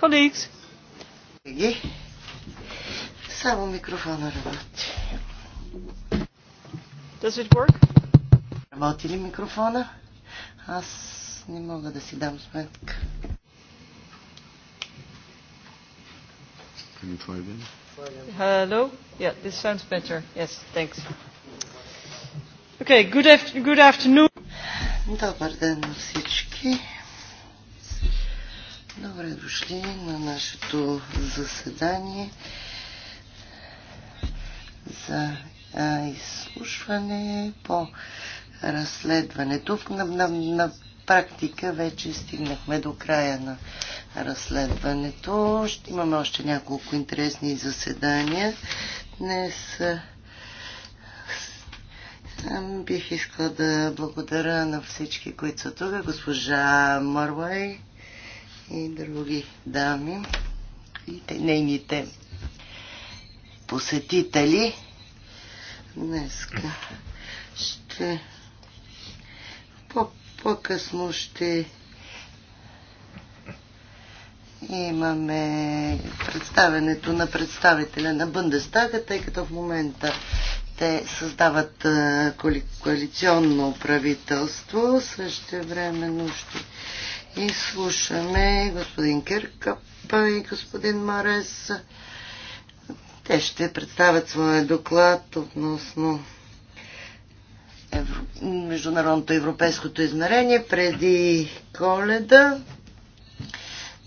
Colleagues. Само микрофона работи. Does it work? Работи ли микрофона? Аз не мога да си дам сметка. Can you try again? Hello? Yeah, this sounds better. Yes, thanks. Okay, good, af- good afternoon. Добър ден на всички. Добре дошли на нашето заседание за изслушване по разследването. На, на, на практика вече стигнахме до края на разследването. Ще имаме още няколко интересни заседания. Днес Бих искала да благодаря на всички, които са тук, госпожа Марвай и други дами и нейните посетители. Днеска ще по-късно -по ще имаме представенето на представителя на Бундестага, тъй като в момента те създават коали, коалиционно правителство. Също време ще изслушаме господин Киркъп и господин Марес. Те ще представят своя доклад относно евро... международното европейското измерение преди коледа.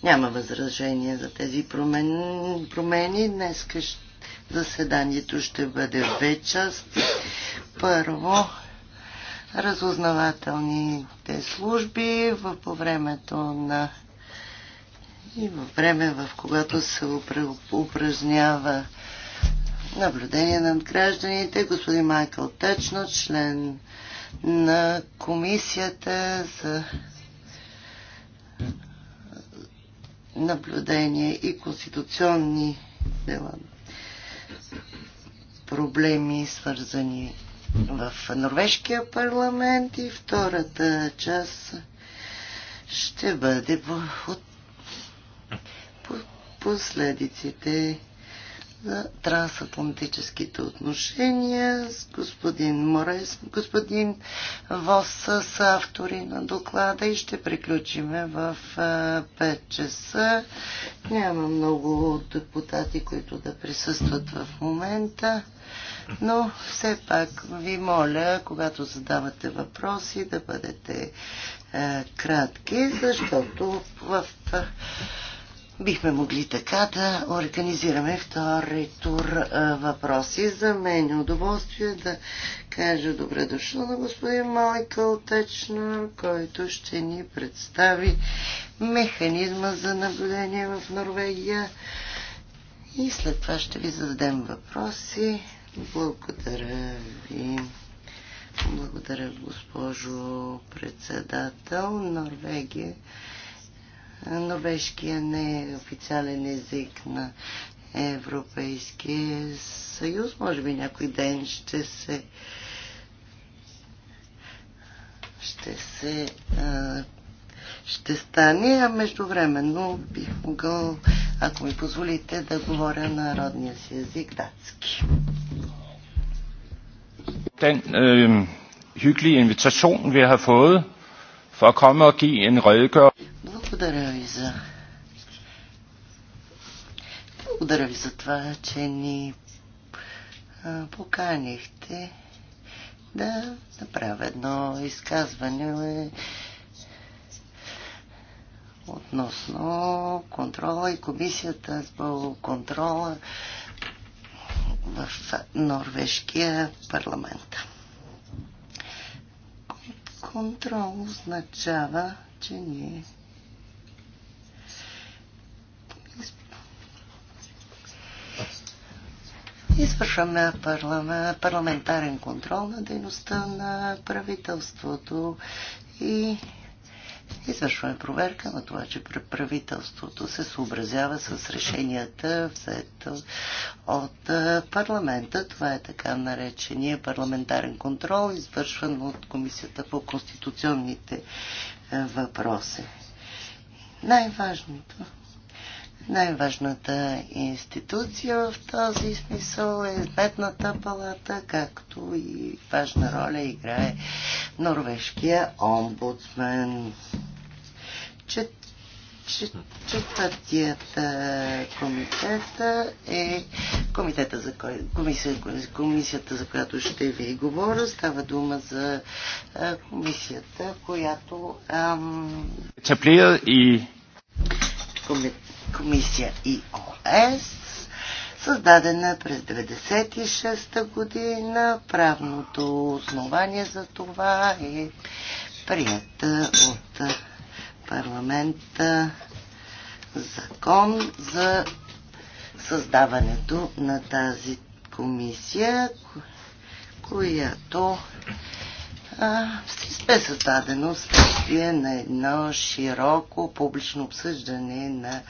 Няма възражение за тези промени. промени. Днес ще Заседанието ще бъде в две части. Първо, разузнавателните служби в, по времето на и във време, в когато се упражнява наблюдение над гражданите, господин Майкъл Течно, член на комисията за наблюдение и конституционни дела проблеми, свързани в Норвежкия парламент и втората част ще бъде по, по, по последиците за трансатлантическите отношения с господин Морес, господин Вос с автори на доклада и ще приключиме в 5 часа. Няма много депутати, които да присъстват в момента, но все пак ви моля, когато задавате въпроси, да бъдете кратки, защото в Бихме могли така да организираме втори тур а, въпроси. За мен е удоволствие да кажа добре дошъл на господин Майкъл Течнер, който ще ни представи механизма за наблюдение в Норвегия. И след това ще ви зададем въпроси. Благодаря ви. Благодаря, госпожо председател. Норвегия норвежкия не е официален език на Европейския съюз. Може би някой ден ще се ще се а, ще стане, а между време, но бих могъл, ако ми позволите, да говоря на родния си език датски. Den øh, hyggelige invitation, vi har fået for at komme og give en redegørelse. Благодаря ви за... Благодаря ви за това, че ни поканихте да направя едно изказване относно контрола и комисията с контрола в норвежкия парламент. Контрол означава, че ние Извършваме парламентарен контрол на дейността на правителството и извършваме проверка на това, че правителството се съобразява с решенията от парламента. Това е така наречения парламентарен контрол, извършван от Комисията по конституционните въпроси. Най-важното най-важната институция в този смисъл е Сметната палата, както и важна роля играе норвежкия омбудсмен. Чет, чет, четвъртият комитет е комитета за кой, комисия, комисията, за която ще ви говоря. Става дума за комисията, която... Ам... и комитет комисия ИОС, създадена през 1996 година. Правното основание за това е прията от парламента закон за създаването на тази комисия, която бе създадено вследствие на едно широко публично обсъждане на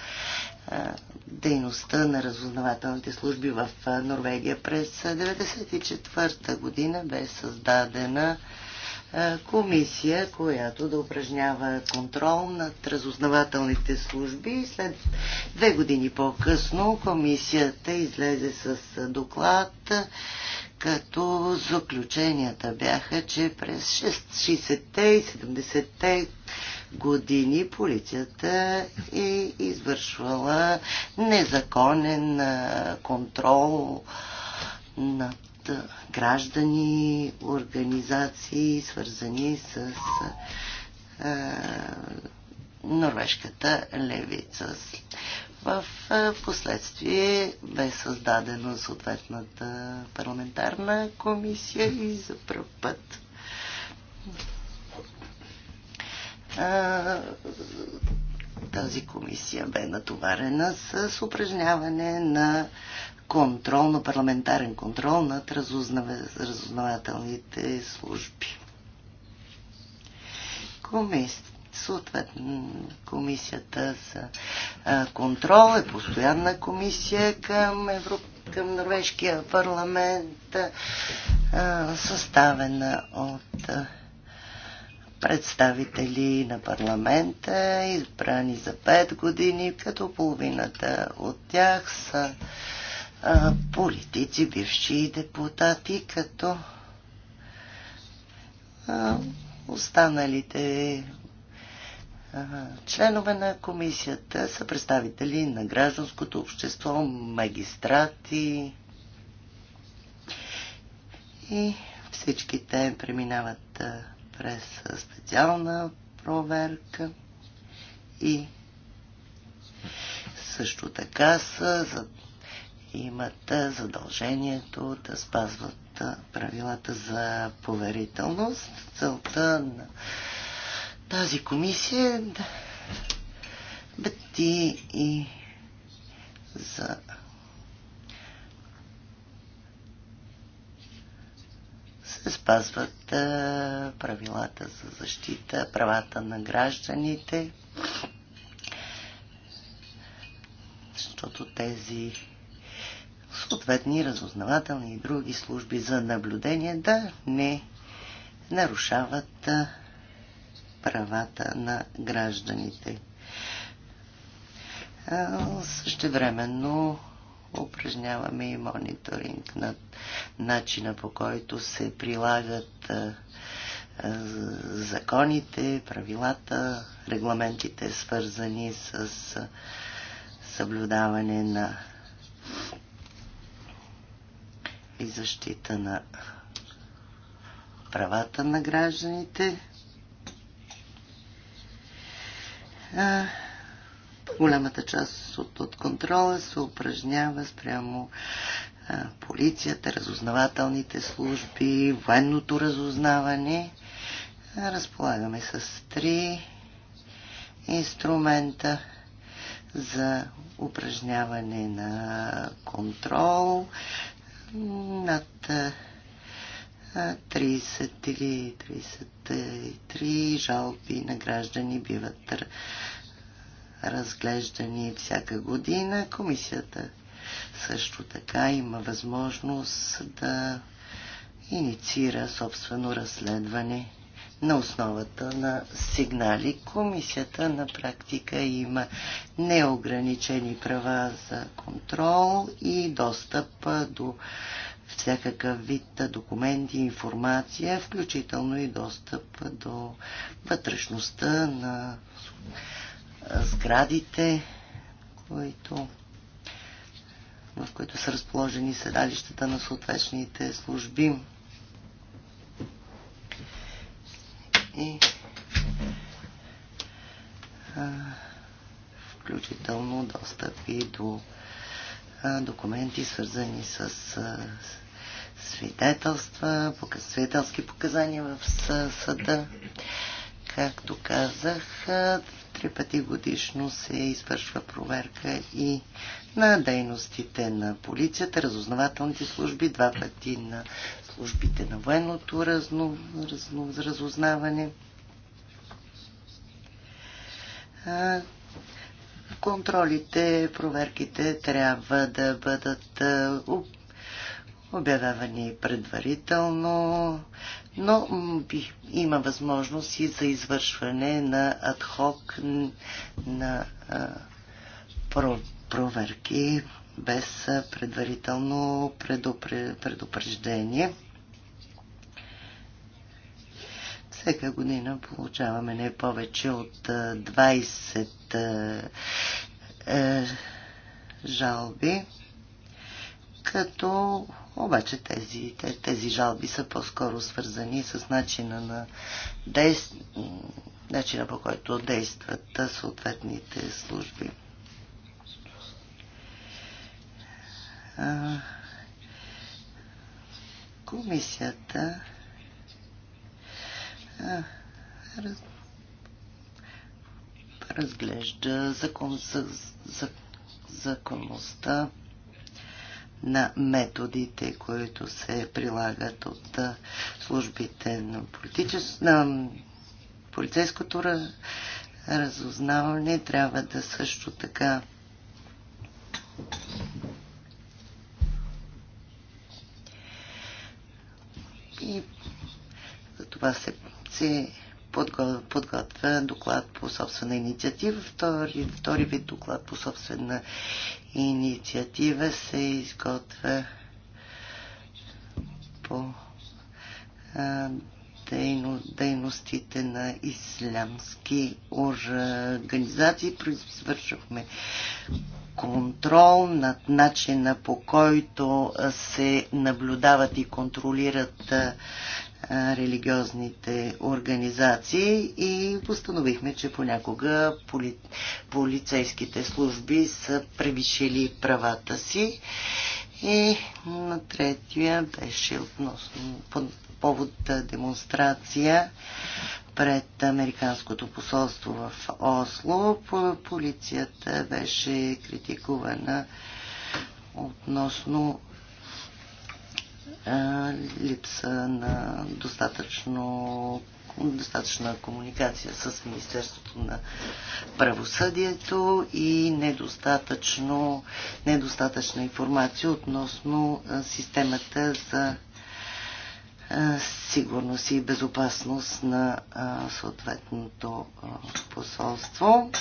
дейността на разузнавателните служби в Норвегия. През 1994 година бе създадена комисия, която да упражнява контрол над разузнавателните служби. След две години по-късно комисията излезе с доклад като заключенията бяха, че през 60-те и 70-те години полицията е извършвала незаконен контрол над граждани, организации, свързани с а, норвежката левица в последствие бе създадена съответната парламентарна комисия и за първ път тази комисия бе натоварена с упражняване на контрол, на парламентарен контрол над разузнавателните служби. Комисията Съответно, комисията за контрол е постоянна комисия към, Европа към Норвежкия парламент, съставена от представители на парламента, избрани за 5 години, като половината от тях са политици, бивши депутати, като останалите Членове на комисията са представители на гражданското общество, магистрати и всички те преминават през специална проверка и също така са, имат задължението да спазват правилата за поверителност. Целта на тази комисия е да, бати и за се спазват а, правилата за защита, правата на гражданите, защото тези съответни разузнавателни и други служби за наблюдение да не нарушават а, правата на гражданите. Същевременно упражняваме и мониторинг на начина по който се прилагат законите, правилата, регламентите, свързани с съблюдаване на и защита на правата на гражданите. голямата част от, от контрола се упражнява спрямо а, полицията, разузнавателните служби, военното разузнаване. Разполагаме с три инструмента за упражняване на контрол над 30 или 33 жалби на граждани биват разглеждани всяка година. Комисията също така има възможност да инициира собствено разследване на основата на сигнали. Комисията на практика има неограничени права за контрол и достъп до всякакъв вид документи, информация, включително и достъп до вътрешността на сградите, които, в които са разположени седалищата на съответните служби. И а, включително достъп и до документи, свързани с свидетелства, свидетелски показания в съда. Както казах, три пъти годишно се извършва проверка и на дейностите на полицията, разузнавателните служби, два пъти на службите на военното разно, разно, разузнаване контролите, проверките трябва да бъдат е, обявявани предварително, но има възможност и за извършване на адхок на е, проверки без предварително предупреждение. Всека година получаваме не повече от 20 е, е, е, жалби, като обаче тези, тези жалби са по-скоро свързани с начина на действ... начина по който действат съответните служби. Комисията а, раз разглежда закон, за, за, законността на методите, които се прилагат от службите на, политичес... на полицейското разузнаване. Трябва да също така и за това се, се подготвя доклад по собствена инициатива. Втори, втори вид доклад по собствена инициатива се изготвя по а, дейно, дейностите на ислямски организации. Произвършахме контрол над начина по който се наблюдават и контролират религиозните организации и постановихме, че понякога поли, полицейските служби са превишили правата си. И на третия беше относно по повод демонстрация пред Американското посолство в Осло. Полицията беше критикувана относно е, липса на достатъчно, достатъчна комуникация с Министерството на правосъдието и недостатъчно, недостатъчна информация относно е, системата за е, сигурност и безопасност на съответното посолство.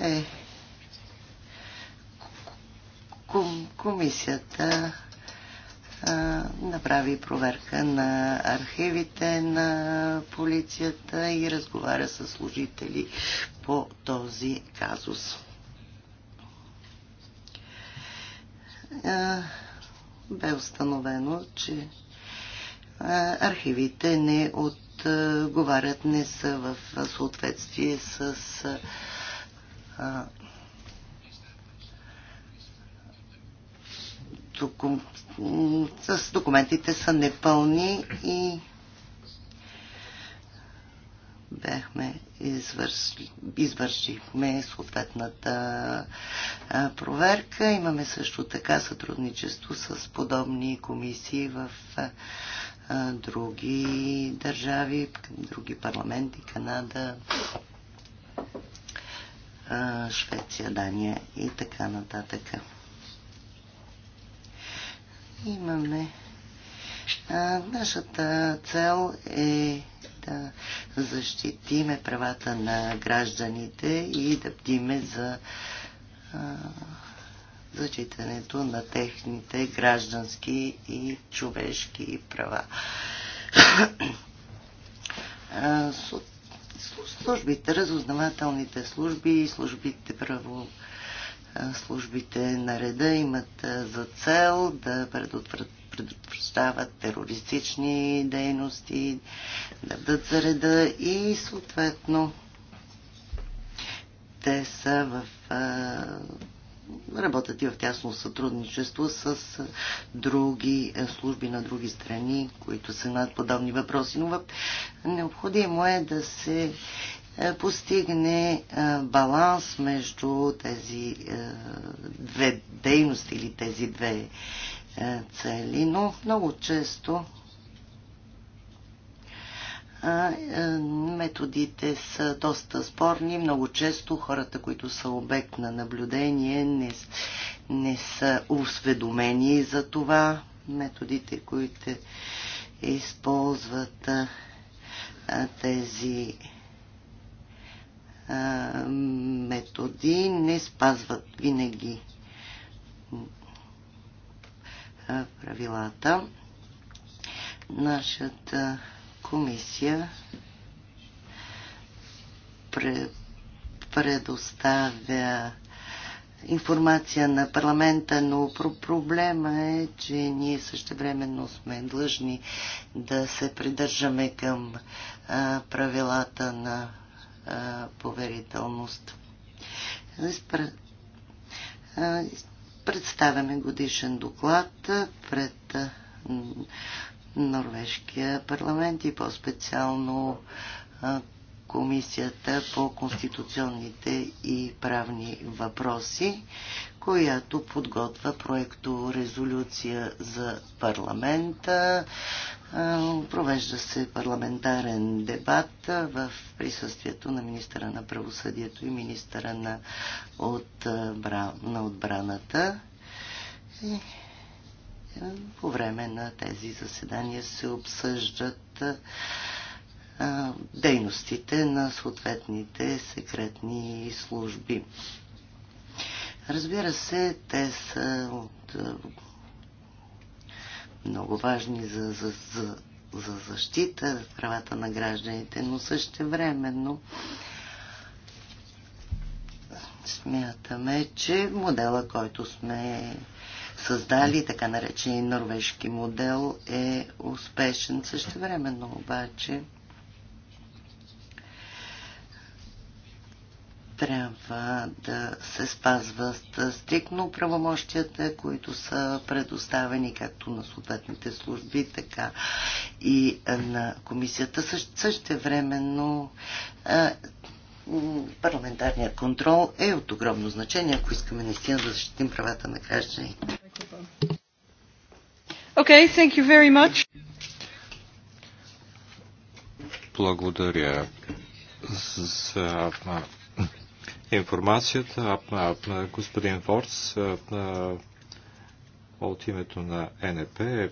Е, комисията направи проверка на архивите на полицията и разговаря с служители по този казус. Бе установено, че архивите не отговарят, не са в съответствие с докум... с документите са непълни и бяхме извършили, извършихме съответната проверка. Имаме също така сътрудничество с подобни комисии в други държави, други парламенти, Канада, Швеция, Дания и така нататък имаме. А, нашата цел е да защитиме правата на гражданите и да бдиме за а, зачитането на техните граждански и човешки права. Службите, разузнавателните служби и службите право службите на реда имат за цел да предотвращават терористични дейности, да бъдат за реда и съответно те са в работят и в тясно сътрудничество с други служби на други страни, които се над подобни въпроси. Но необходимо е да се е, постигне е, баланс между тези е, две дейности или тези две цели, но много често методите са доста спорни. Много често хората, които са обект на наблюдение, не, не са осведомени за това. Методите, които използват тези методи не спазват винаги правилата. Нашата комисия предоставя информация на парламента, но проблема е, че ние същевременно сме длъжни да се придържаме към правилата на поверителност. Представяме годишен доклад пред Норвежкия парламент и по-специално Комисията по конституционните и правни въпроси, която подготвя проекто резолюция за парламента, Провежда се парламентарен дебат в присъствието на министъра на правосъдието и министъра на, отбра... на отбраната. И е, по време на тези заседания се обсъждат дейностите на съответните секретни служби. Разбира се, те са от много важни за, за, за, за защита правата на гражданите, но също времено смятаме, че модела, който сме създали, така наречен норвежки модел, е успешен. Същевременно обаче трябва да се спазват стикно правомощията, които са предоставени както на съответните служби, така и на комисията. Също времено парламентарният контрол е от огромно значение, ако искаме наистина да защитим правата на гражданите. Okay, thank you very much. Благодаря за информацията. А, а, господин Ворц а, а, от името на НП е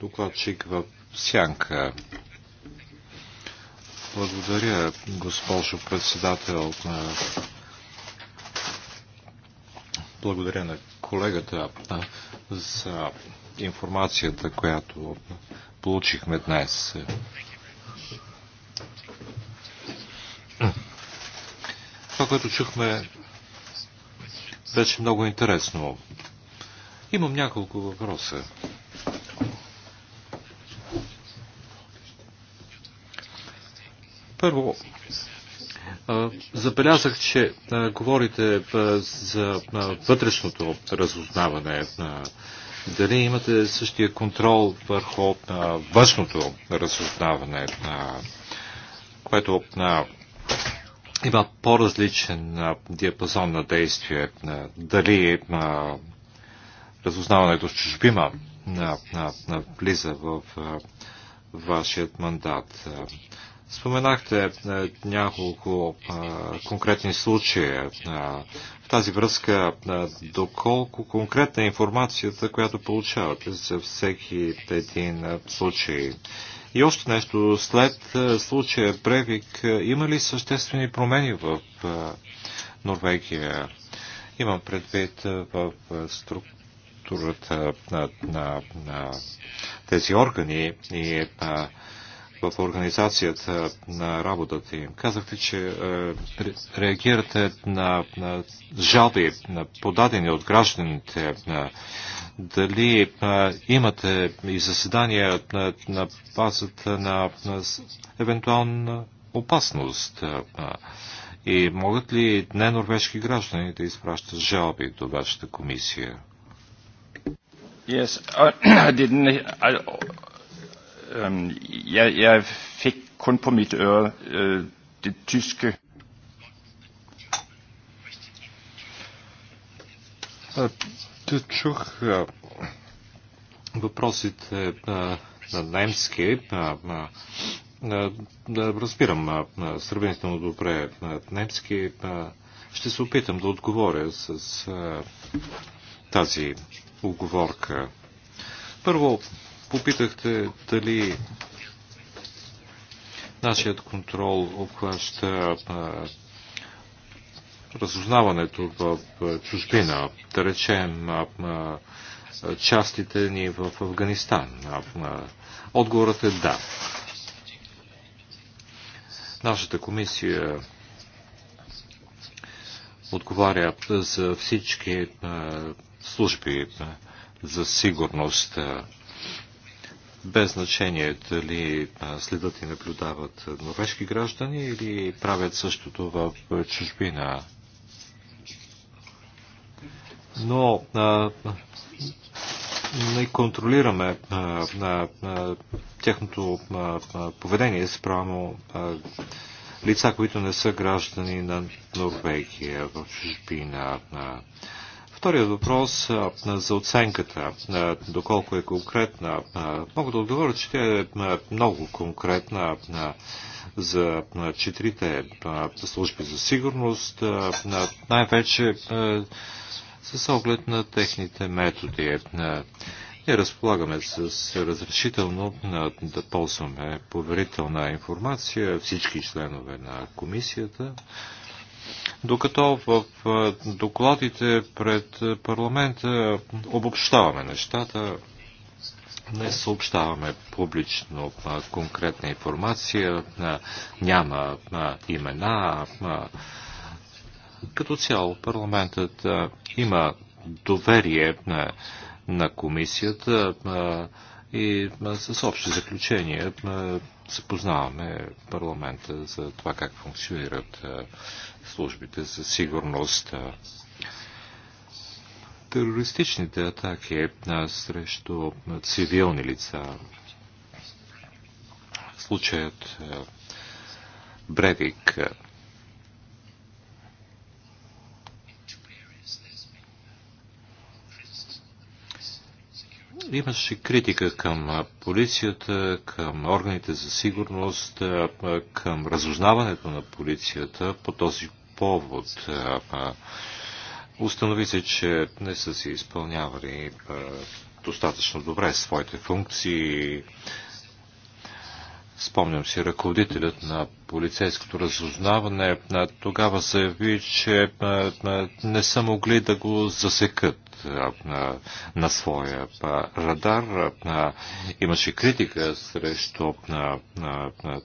докладчик в Сянка. Благодаря, госпожо председател. Благодаря на колегата за информацията, която получихме днес. Това, което чухме, беше много интересно. Имам няколко въпроса. Първо, забелязах, че говорите за вътрешното разузнаване. Дали имате същия контрол върху външното разузнаване, което има по-различен диапазон на действие. Дали а, разузнаването с чужбима на влиза в а, вашият мандат. Споменахте а, няколко конкретни А, В тази връзка, доколко конкретна е информацията, която получавате за всеки един случай? И още нещо, след е, случая Бревик, е, има ли съществени промени в е, Норвегия? Имам предвид в структурата на, на, на тези органи и на в организацията на работата им. Казахте, че е, реагирате на, на жалби, на подадени от гражданите. На, е, дали е, имате и заседания на, на базата на, на евентуална опасност? и могат ли ненорвежки граждани да изпращат жалби до вашата комисия? Yes, I didn't. I, jeg, jeg fik kun på mit øre øh, det tyske е, Чух е, въпросите на, е, на немски. Разбирам сравнително добре немски. Ще се опитам да отговоря с тази оговорка. Първо, Попитахте дали нашият контрол обхваща разузнаването в чужбина, да речем частите ни в Афганистан. Отговорът е да. Нашата комисия отговаря за всички служби за сигурност без значение дали следят и наблюдават норвежки граждани или правят същото в чужбина. Но а, не контролираме а, а, а, тяхното а, а, поведение спрямо лица, които не са граждани на Норвегия в чужбина. А, Вторият въпрос за оценката, доколко е конкретна, мога да отговоря, че тя е много конкретна за четирите служби за сигурност, най-вече с оглед на техните методи. Ние разполагаме с разрешително да ползваме поверителна информация всички членове на комисията докато в докладите пред парламента обобщаваме нещата, не съобщаваме публично конкретна информация, няма имена. Като цяло парламентът има доверие на комисията и с общи заключения запознаваме парламента за това как функционират службите за сигурност. Терористичните атаки срещу цивилни лица. Случаят Бревик Имаше критика към полицията, към органите за сигурност, към разузнаването на полицията по този повод. Установи се, че не са си изпълнявали достатъчно добре своите функции. Спомням си, ръководителят на полицейското разузнаване тогава заяви, че не са могли да го засекат на своя радар. Имаше критика срещу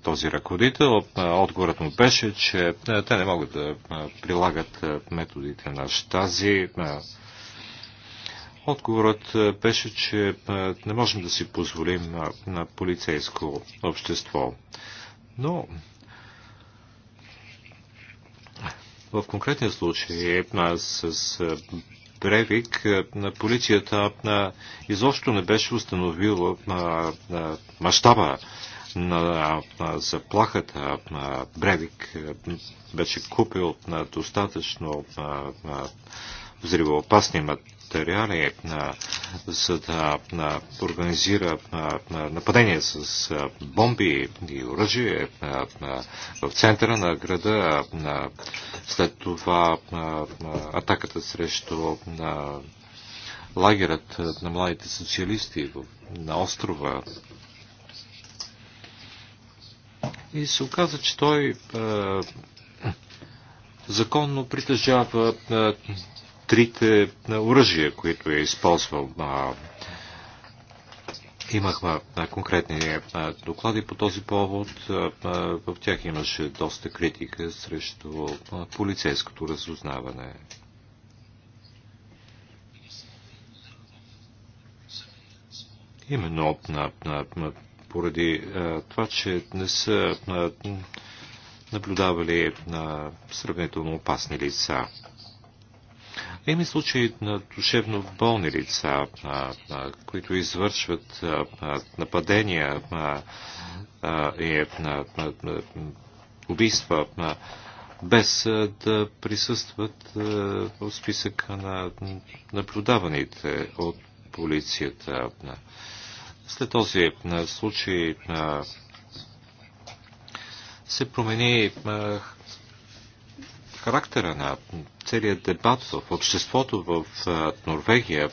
този ръководител. Отговорът му беше, че те не могат да прилагат методите на щази. Отговорът беше, че не можем да си позволим на, на полицейско общество. Но в конкретния случай с Бревик, е, на полицията на, е, изобщо не беше установила е, мащаба на, на заплахата Бревик беше купил на достатъчно на, на взривоопасни материали, за да организира нападение с бомби и оръжие в центъра на града. След това атаката срещу лагерът на младите социалисти на острова. И се оказа, че той законно притежава трите оръжия, които е използвал. Имахме конкретни доклади по този повод. В тях имаше доста критика срещу полицейското разузнаване. Именно на, на, на, поради а, това, че не са на, наблюдавали на сравнително опасни лица. Има случаи на душевно болни лица, които извършват нападения и убийства без да присъстват в списъка на наблюдаваните от полицията. След този случай се промени характера на целият дебат в обществото в Норвегия.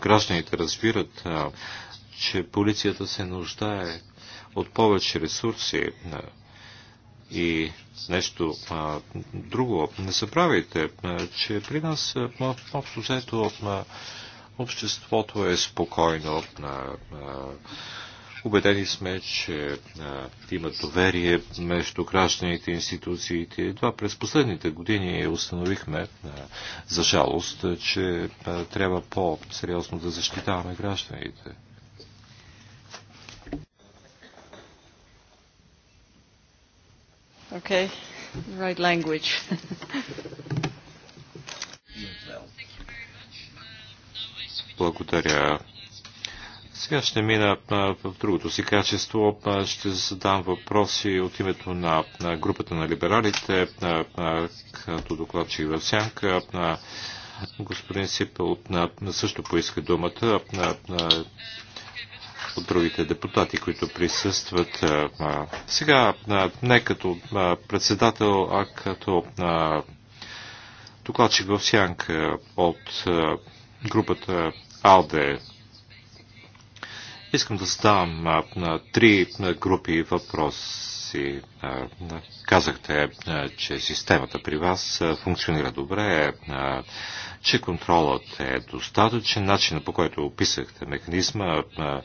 Гражданите разбират, че полицията се нуждае от повече ресурси и нещо друго. Не забравяйте, че при нас общо взето обществото е спокойно. Убедени сме, че а, има доверие между гражданите и институциите. Едва през последните години установихме, а, за жалост, че а, трябва по-сериозно да защитаваме гражданите. Okay, right language. Благодаря. Сега ще мина в другото си качество. Ще задам въпроси от името на групата на либералите, като докладчик в сянка. Господин Сипел също поиска думата от другите депутати, които присъстват. Сега не като председател, а като докладчик в сянка от групата АЛДЕ Искам да задавам а, на три на групи въпроси. А, казахте, а, че системата при вас а, функционира добре, а, че контролът е достатъчен. Начинът по който описахте механизма а,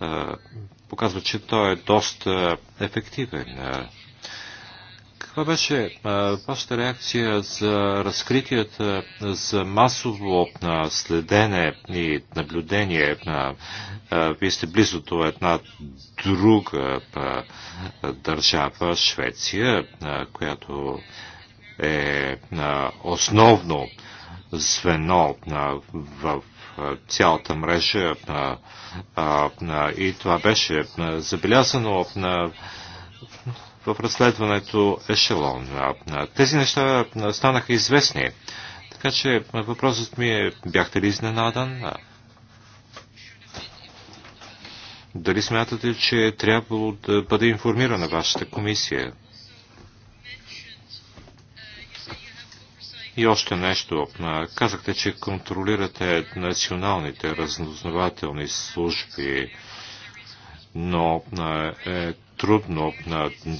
а, показва, че той е доста ефективен. А, каква беше вашата реакция за разкритията за масово следене и наблюдение? Вие сте близо до една друга държава, Швеция, която е основно звено в цялата мрежа и това беше забелязано на в разследването ешелон. Тези неща станаха известни. Така че въпросът ми е, бяхте ли изненадан? Дали смятате, че е трябвало да бъде информирана вашата комисия? И още нещо. Казахте, че контролирате националните разнознавателни служби, но е, трудно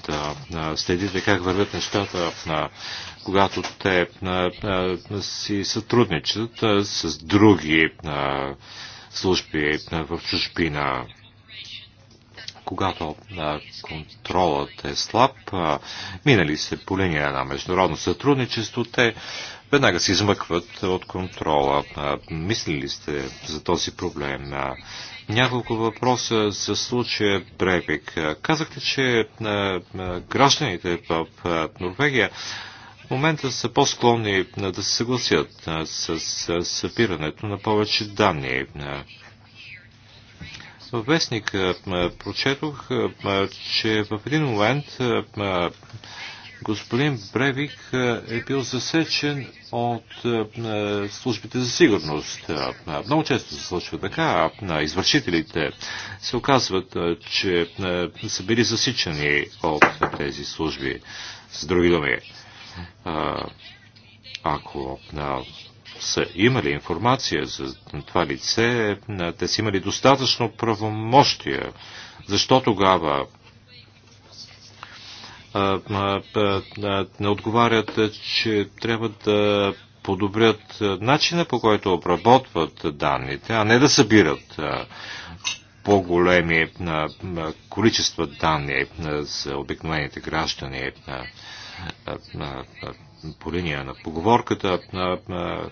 да следите как вървят нещата, когато те си сътрудничат с други служби в чужбина. Когато контролът е слаб, минали се по линия на международно сътрудничество, те веднага се измъкват от контрола. Мислили сте за този проблем? Няколко въпроса за случая Бревик. Казахте, че гражданите в Норвегия в момента са по-склонни да се съгласят с събирането на повече данни. В вестник прочетох, че в един момент господин Бревик е, е бил засечен от е, е, службите за сигурност. Много често се случва така. Извършителите се оказват, че са били засичани от тези служби. С други думи, ако са имали информация за това лице, те са имали достатъчно правомощия. Защо тогава не отговарят, че трябва да подобрят начина по който обработват данните, а не да събират по-големи количества данни за обикновените граждани по линия на поговорката,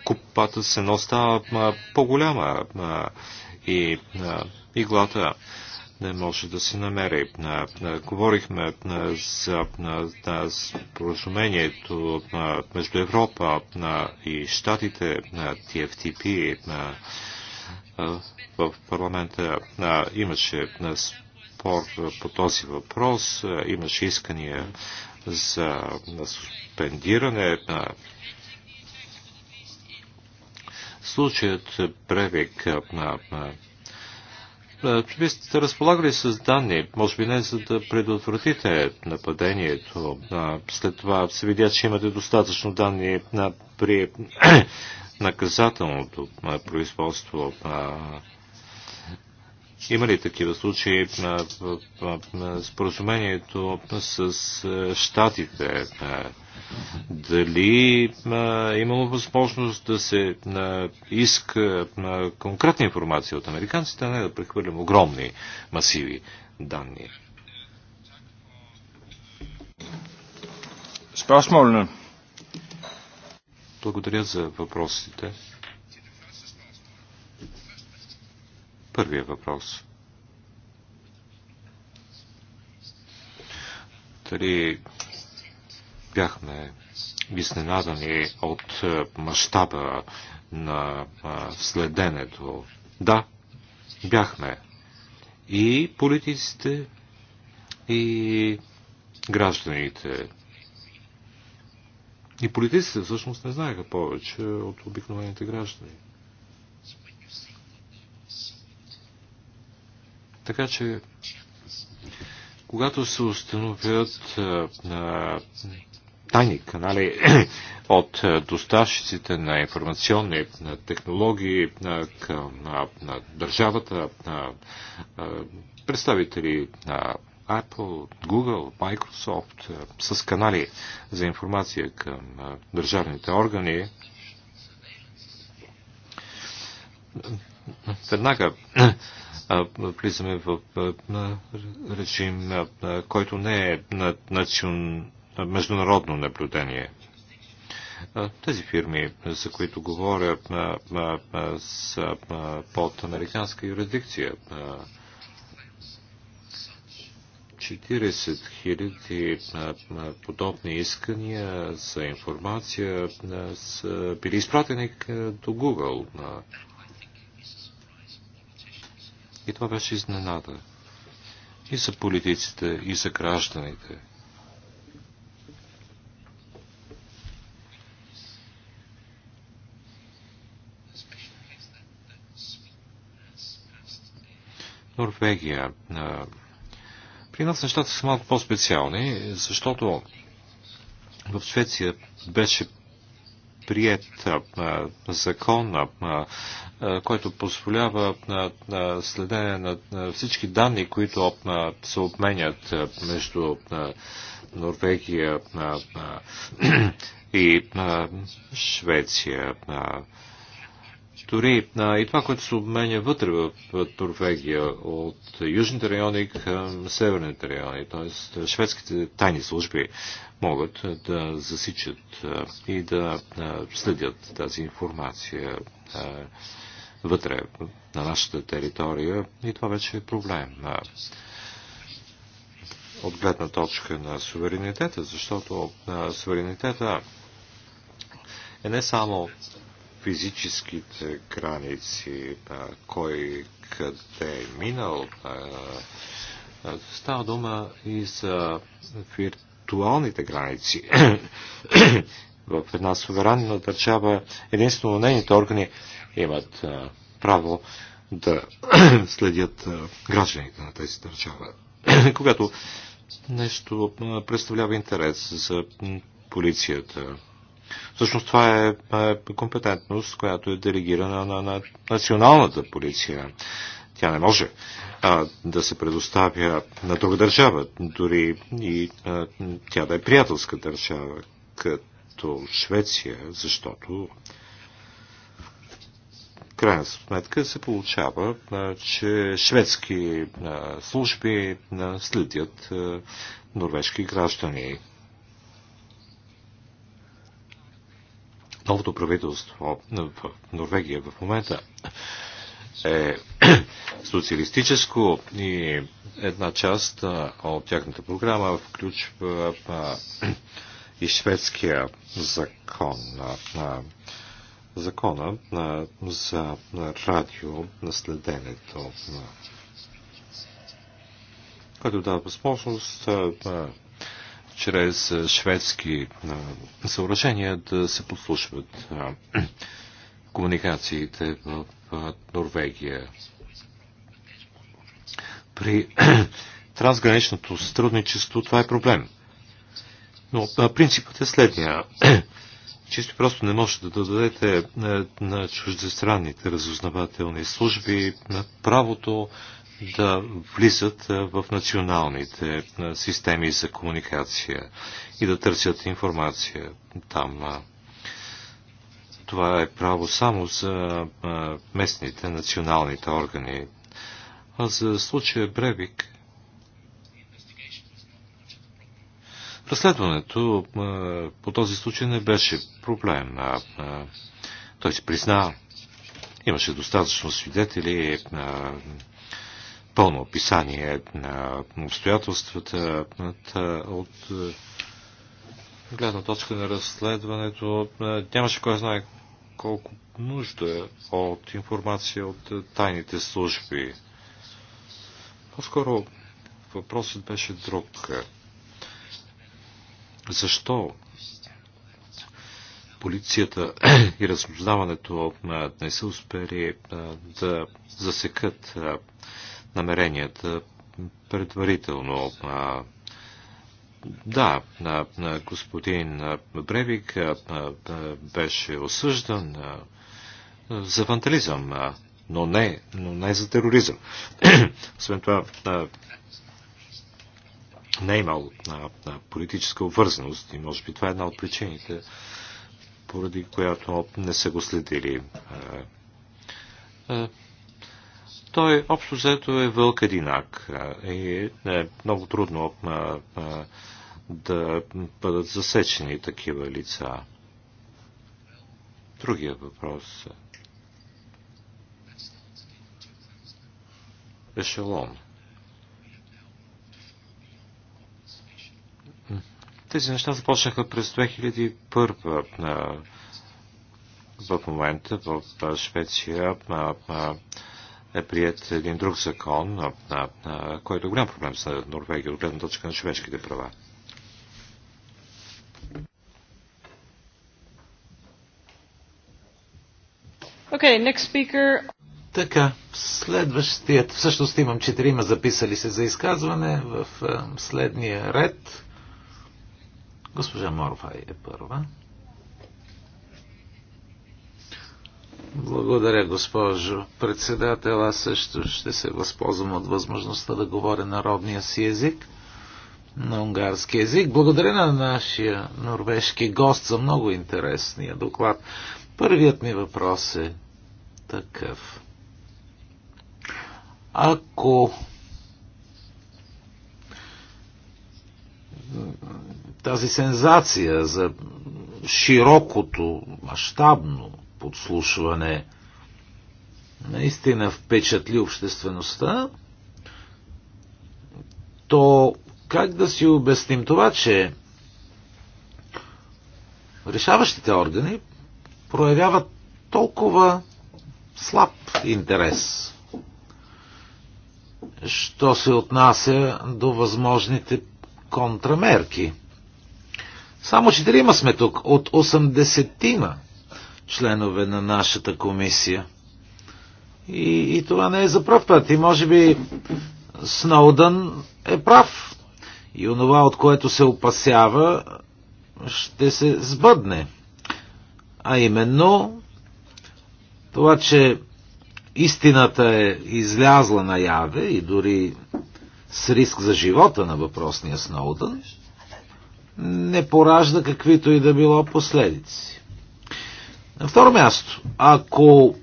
купата се остава по-голяма и иглата не може да се намери. Говорихме за споразумението между Европа и Штатите, TFTP. В парламента имаше спор по този въпрос, имаше искания за суспендиране на случаят Бревик вие сте разполагали с данни, може би не за да предотвратите нападението. След това се видя, че имате достатъчно данни на, при наказателното производство. Има ли такива случаи на споразумението с щатите? Дали а, имало възможност да се а, иска а, конкретна информация от американците, а не да прехвърлям огромни масиви данни? Спасмолна. Благодаря за въпросите. Първият въпрос. Дали бяхме изненадани от е, мащаба на е, следенето. Да, бяхме. И политиците, и гражданите. И политиците всъщност не знаеха повече от обикновените граждани. Така че, когато се установят е, а, а, тайни канали от е, доставчиците на информационни на технологии на, към, на, на държавата, на, на е, представители на Apple, Google, Microsoft е, с канали за информация към държавните органи. Веднага влизаме в режим, който не е национален международно наблюдение. Тези фирми, за които говоря, са под американска юрисдикция. 40 хиляди подобни искания за информация са били изпратени до Google. И това беше изненада. И за политиците, и за гражданите. Норвегия. При нас нещата са малко по-специални, защото в Швеция беше прият закон, който позволява следене на всички данни, които се обменят между Норвегия и Швеция. Дори и това, което се обменя вътре в Норвегия от южните райони към северните райони, т.е. шведските тайни служби могат да засичат и да следят тази информация вътре на нашата територия и това вече е проблем от гледна точка на суверенитета, защото суверенитета е не само физическите граници, кой къде е минал. Става дума и за виртуалните граници. В една суверенна държава единствено нейните органи имат право да следят гражданите на тези държава. Когато нещо представлява интерес за полицията, Всъщност това е, е компетентност, която е делегирана на, на националната полиция. Тя не може а, да се предоставя на друга държава, дори и а, тя да е приятелска държава, като Швеция, защото в крайна сметка се получава, а, че шведски а, служби а, следят а, норвежки граждани. новото правителство в Норвегия в момента е социалистическо и една част от тяхната програма включва и шведския закон закона за радио наследенето, който дава възможност чрез шведски съоръжения да се подслушват комуникациите в Норвегия. При трансграничното сътрудничество това е проблем. Но принципът е следния. Чисто просто не можете да дадете на чуждестранните разузнавателни служби на правото да влизат в националните системи за комуникация и да търсят информация там. Това е право само за местните националните органи. А за случая Бревик Разследването по този случай не беше проблем. Той се призна. Имаше достатъчно свидетели, пълно описание на обстоятелствата от гледна точка на разследването. Нямаше кой знае колко нужда от информация от тайните служби. По-скоро въпросът беше друг. Защо полицията и разузнаването не са успели да засекат намеренията предварително. Да, господин Бревик беше осъждан за вандализъм, но не, но не за тероризъм. Освен това, не е имал политическа обвързаност и може би това е една от причините, поради която не са го следили. Той общо взето е вълк единак и е много трудно да бъдат засечени такива лица. Другия въпрос ешелон. Тези неща започнаха през 2001 в момента в Швеция е прият един друг закон, а, а, а, който е голям проблем с Норвегия от гледна точка на човешките права. Okay, next speaker. Така, следващият, всъщност имам четирима записали се за изказване в следния ред. Госпожа Морвай е първа. Благодаря, госпожо председател. Аз също ще се възползвам от възможността да говоря народния си език, на унгарски език. Благодаря на нашия норвежки гост за много интересния доклад. Първият ми въпрос е такъв. Ако тази сензация за широкото, мащабно подслушване наистина впечатли обществеността, то как да си обясним това, че решаващите органи проявяват толкова слаб интерес, що се отнася до възможните контрамерки. Само четирима сме тук от 80-тина членове на нашата комисия. И, и това не е за прав път. И може би Сноудън е прав. И онова, от което се опасява, ще се сбъдне. А именно това, че истината е излязла наяве и дори с риск за живота на въпросния Сноудън, не поражда каквито и да било последици. На второ място, ако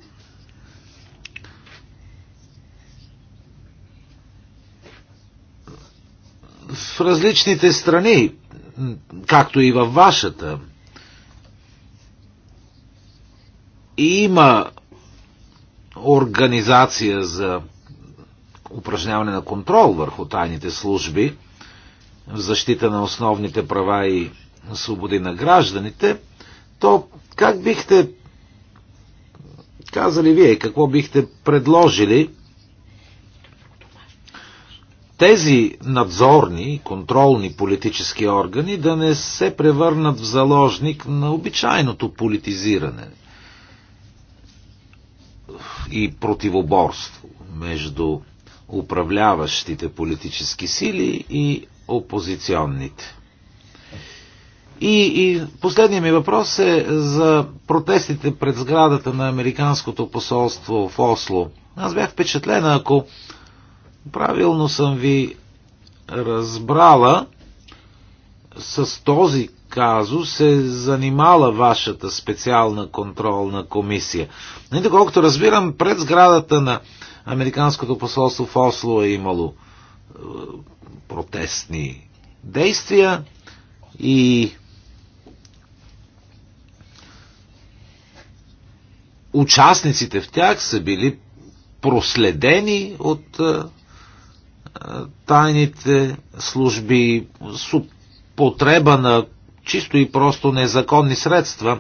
в различните страни, както и във вашата, има организация за упражняване на контрол върху тайните служби в защита на основните права и свободи на гражданите, то как бихте казали вие, какво бихте предложили тези надзорни, контролни политически органи да не се превърнат в заложник на обичайното политизиране и противоборство между управляващите политически сили и опозиционните. И, и последният ми въпрос е за протестите пред сградата на Американското посолство в Осло. Аз бях впечатлена, ако правилно съм ви разбрала, с този казус се занимала вашата специална контролна комисия. Не, нали, доколкото разбирам, пред сградата на Американското посолство в Осло е имало е, протестни действия и участниците в тях са били проследени от тайните служби с употреба на чисто и просто незаконни средства.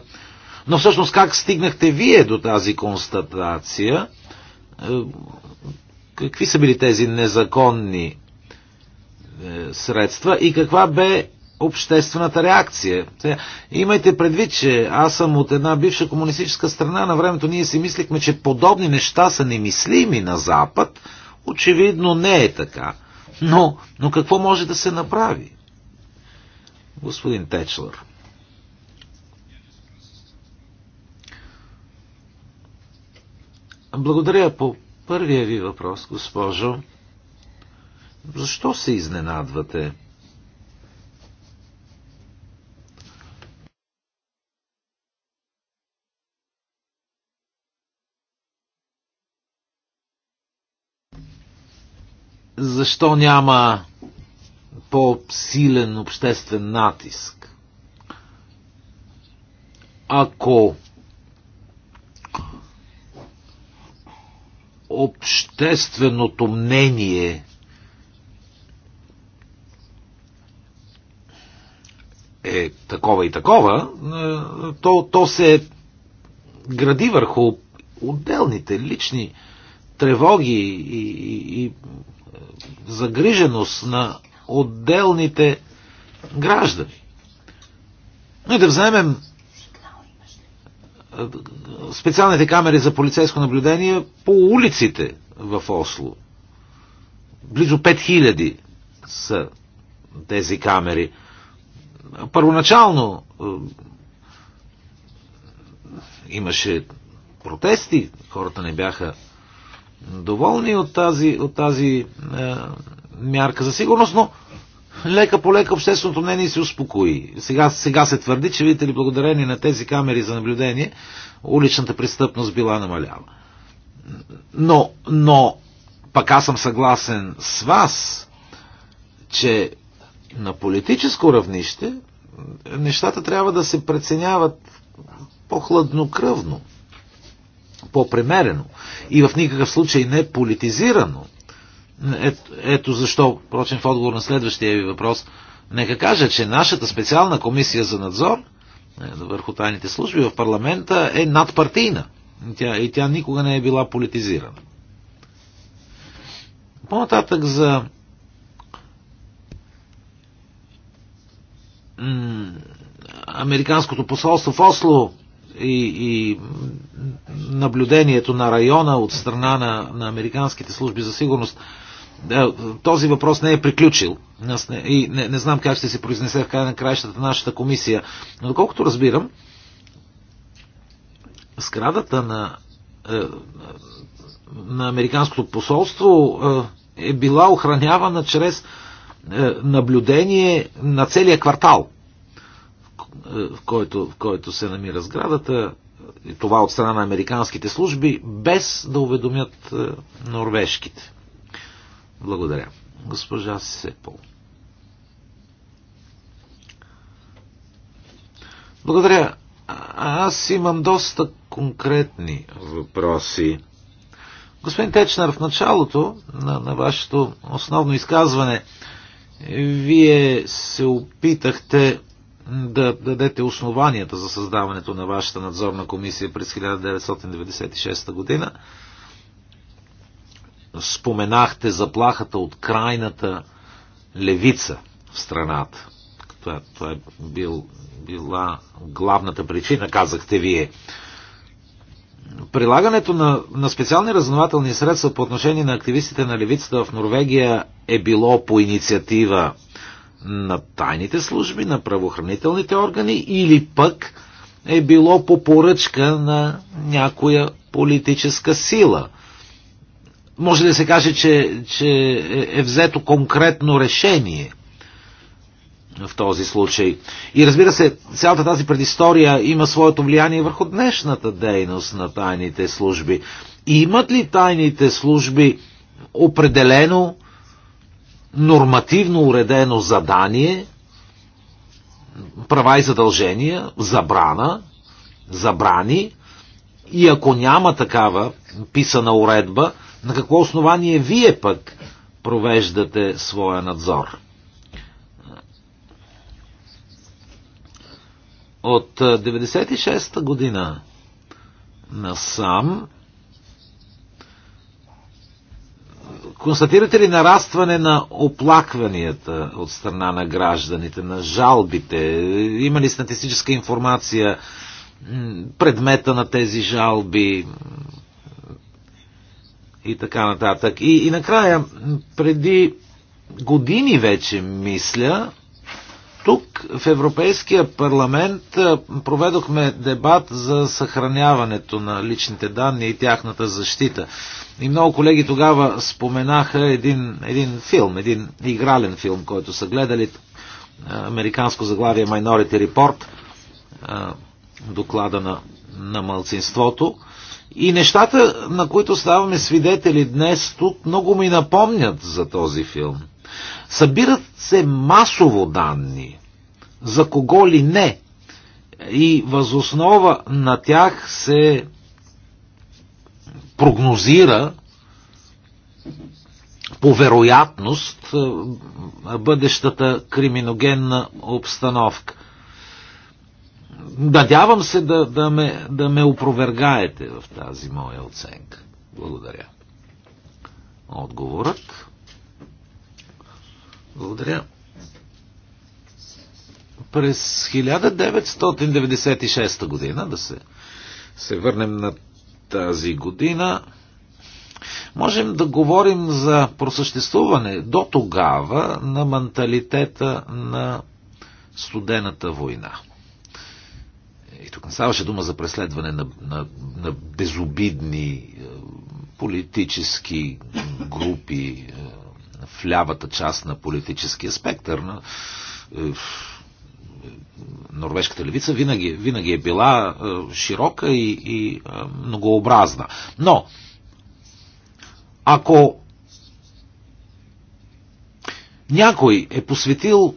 Но всъщност как стигнахте вие до тази констатация? Е, какви са били тези незаконни е, средства и каква бе обществената реакция. Имайте предвид, че аз съм от една бивша комунистическа страна. На времето ние си мислихме, че подобни неща са немислими на Запад. Очевидно не е така. Но, но какво може да се направи? Господин Течлър. Благодаря по първия ви въпрос, госпожо. Защо се изненадвате? защо няма по-силен обществен натиск? Ако общественото мнение е такова и такова, е, то, то се гради върху отделните лични тревоги и, и, и загриженост на отделните граждани. Но и да вземем специалните камери за полицейско наблюдение по улиците в Осло. Близо 5000 са тези камери. Първоначално имаше протести, хората не бяха доволни от тази, от тази е, мярка за сигурност, но лека по лека общественото мнение се успокои. Сега, сега се твърди, че видите ли, благодарение на тези камери за наблюдение, уличната престъпност била намалява. Но, но, пък аз съм съгласен с вас, че на политическо равнище нещата трябва да се преценяват по-хладнокръвно по-премерено и в никакъв случай не политизирано. Ето, ето защо, впрочем, в отговор на следващия ви въпрос, нека кажа, че нашата специална комисия за надзор е, върху тайните служби в парламента е надпартийна. Тя, и тя никога не е била политизирана. По-нататък за Американското посолство в Осло и, и наблюдението на района от страна на, на американските служби за сигурност, е, този въпрос не е приключил. И не, не знам как ще се произнесе в края на краищата нашата комисия. Но доколкото разбирам, сградата на, е, на Американското посолство е, е била охранявана чрез наблюдение на целия квартал в който, в който се намира сградата, и това от страна на американските служби, без да уведомят е, норвежките. Благодаря. Госпожа Сепол. Благодаря. Аз имам доста конкретни въпроси. Господин Течнар, в началото на, на вашето основно изказване, вие се опитахте да дадете основанията за създаването на вашата надзорна комисия през 1996 година. Споменахте заплахата от крайната левица в страната. Това, това е бил, била главната причина, казахте вие. Прилагането на, на специални разнователни средства по отношение на активистите на левицата в Норвегия е било по инициатива на тайните служби, на правоохранителните органи или пък е било по поръчка на някоя политическа сила. Може ли да се каже, че, че е, е взето конкретно решение в този случай? И разбира се, цялата тази предистория има своето влияние върху днешната дейност на тайните служби. И имат ли тайните служби определено нормативно уредено задание, права и задължения, забрана, забрани, и ако няма такава писана уредба, на какво основание вие пък провеждате своя надзор? От 96-та година насам Констатирате ли нарастване на оплакванията от страна на гражданите, на жалбите? Има ли статистическа информация, предмета на тези жалби и така нататък? И, и накрая, преди години вече мисля, тук в Европейския парламент проведохме дебат за съхраняването на личните данни и тяхната защита. И много колеги тогава споменаха един, един филм, един игрален филм, който са гледали. Е, американско заглавие Minority Report, е, доклада на, на мълцинството. И нещата, на които ставаме свидетели днес тук, много ми напомнят за този филм. Събират се масово данни, за кого ли не, и възоснова на тях се прогнозира по вероятност е, бъдещата криминогенна обстановка. Надявам се да, да, ме, да ме опровергаете в тази моя оценка. Благодаря. Отговорът. Благодаря. През 1996 година, да се, се върнем на тази година, можем да говорим за просъществуване до тогава на менталитета на студената война. И тук не ставаше дума за преследване на, на, на безобидни е, политически групи е, в лявата част на политическия спектър, на норвежката левица винаги, винаги е била е, широка и, и е, многообразна. Но, ако някой е посветил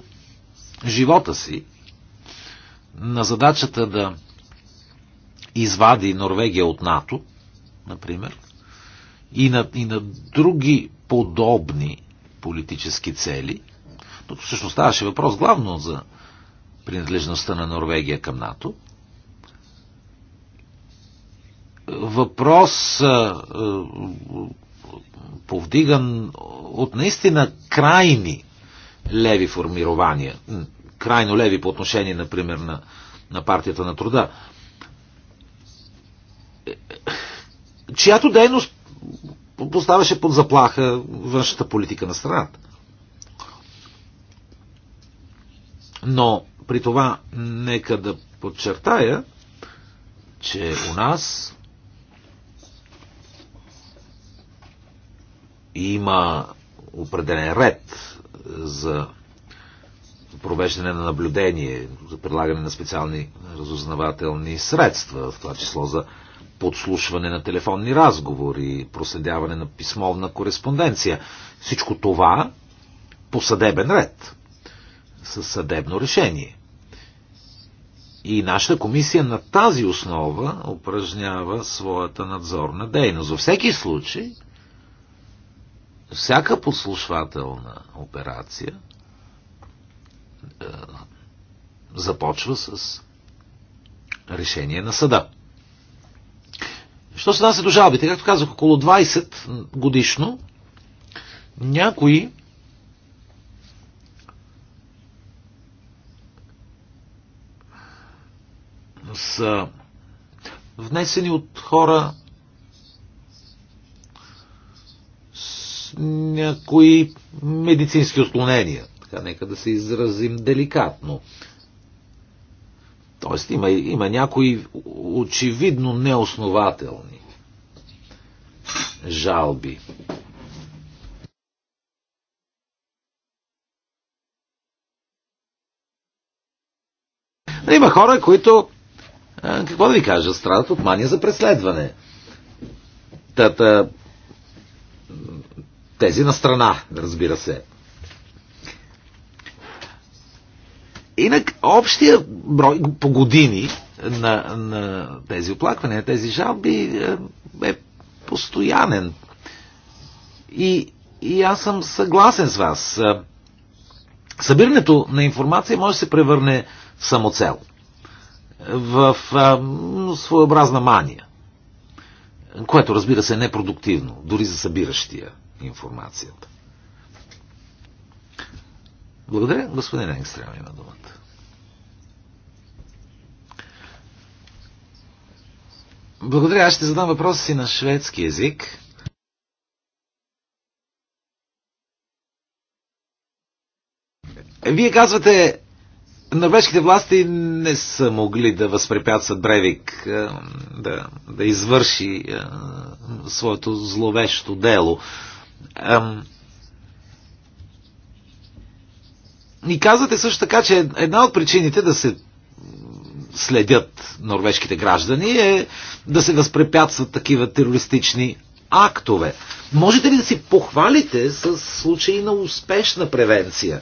живота си на задачата да извади Норвегия от НАТО, например, и на, и на други подобни политически цели, тук всъщност ставаше въпрос главно за принадлежността на Норвегия към НАТО. Въпрос повдиган от наистина крайни леви формирования, крайно леви по отношение, например, на, на партията на труда, чиято дейност поставяше под заплаха външната политика на страната. Но при това нека да подчертая, че у нас има определен ред за провеждане на наблюдение, за прилагане на специални разузнавателни средства, в това число за подслушване на телефонни разговори, проследяване на писмовна кореспонденция. Всичко това по съдебен ред, със съдебно решение. И нашата комисия на тази основа упражнява своята надзорна дейност. За всеки случай, всяка послушвателна операция е, започва с решение на съда. Що се нася до жалбите? Както казах, около 20 годишно някои са внесени от хора с някои медицински отклонения. Така, нека да се изразим деликатно. Тоест има, има някои очевидно неоснователни жалби. Има хора, които какво да ви кажа, страдат от мания за преследване. Тата, тези на страна, разбира се. Инак, общия брой по години на, на тези оплаквания, тези жалби е, е постоянен. И, и аз съм съгласен с вас. Е, събирането на информация може да се превърне в самоцел в а, своеобразна мания, което разбира се е непродуктивно, дори за събиращия информацията. Благодаря, господин Енгстрем има думата. Благодаря, аз ще задам въпроса си на шведски язик. Вие казвате, Норвежките власти не са могли да възпрепятстват Бревик е, да, да извърши е, своето зловещо дело. И казвате също така, че една от причините да се следят норвежките граждани е да се възпрепятстват такива терористични актове. Можете ли да си похвалите с случаи на успешна превенция?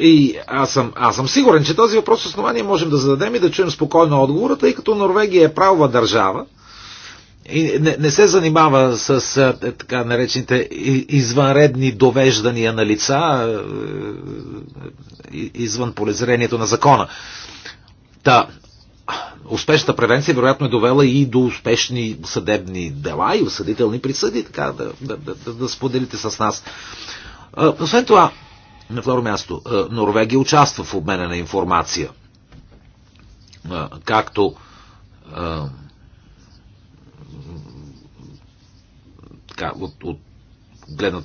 И аз съм, аз съм сигурен, че този въпрос основание можем да зададем и да чуем спокойно отговора, тъй като Норвегия е правова държава и не, не се занимава с а, е, така наречените извънредни довеждания на лица а, е, е, извън полезрението на закона. Та, успешната превенция вероятно е довела и до успешни съдебни дела и осъдителни присъди, така да, да, да, да споделите с нас. Освен това, на второ място, е, Норвегия участва в обмена на информация. Е, както е, така, от, от гледна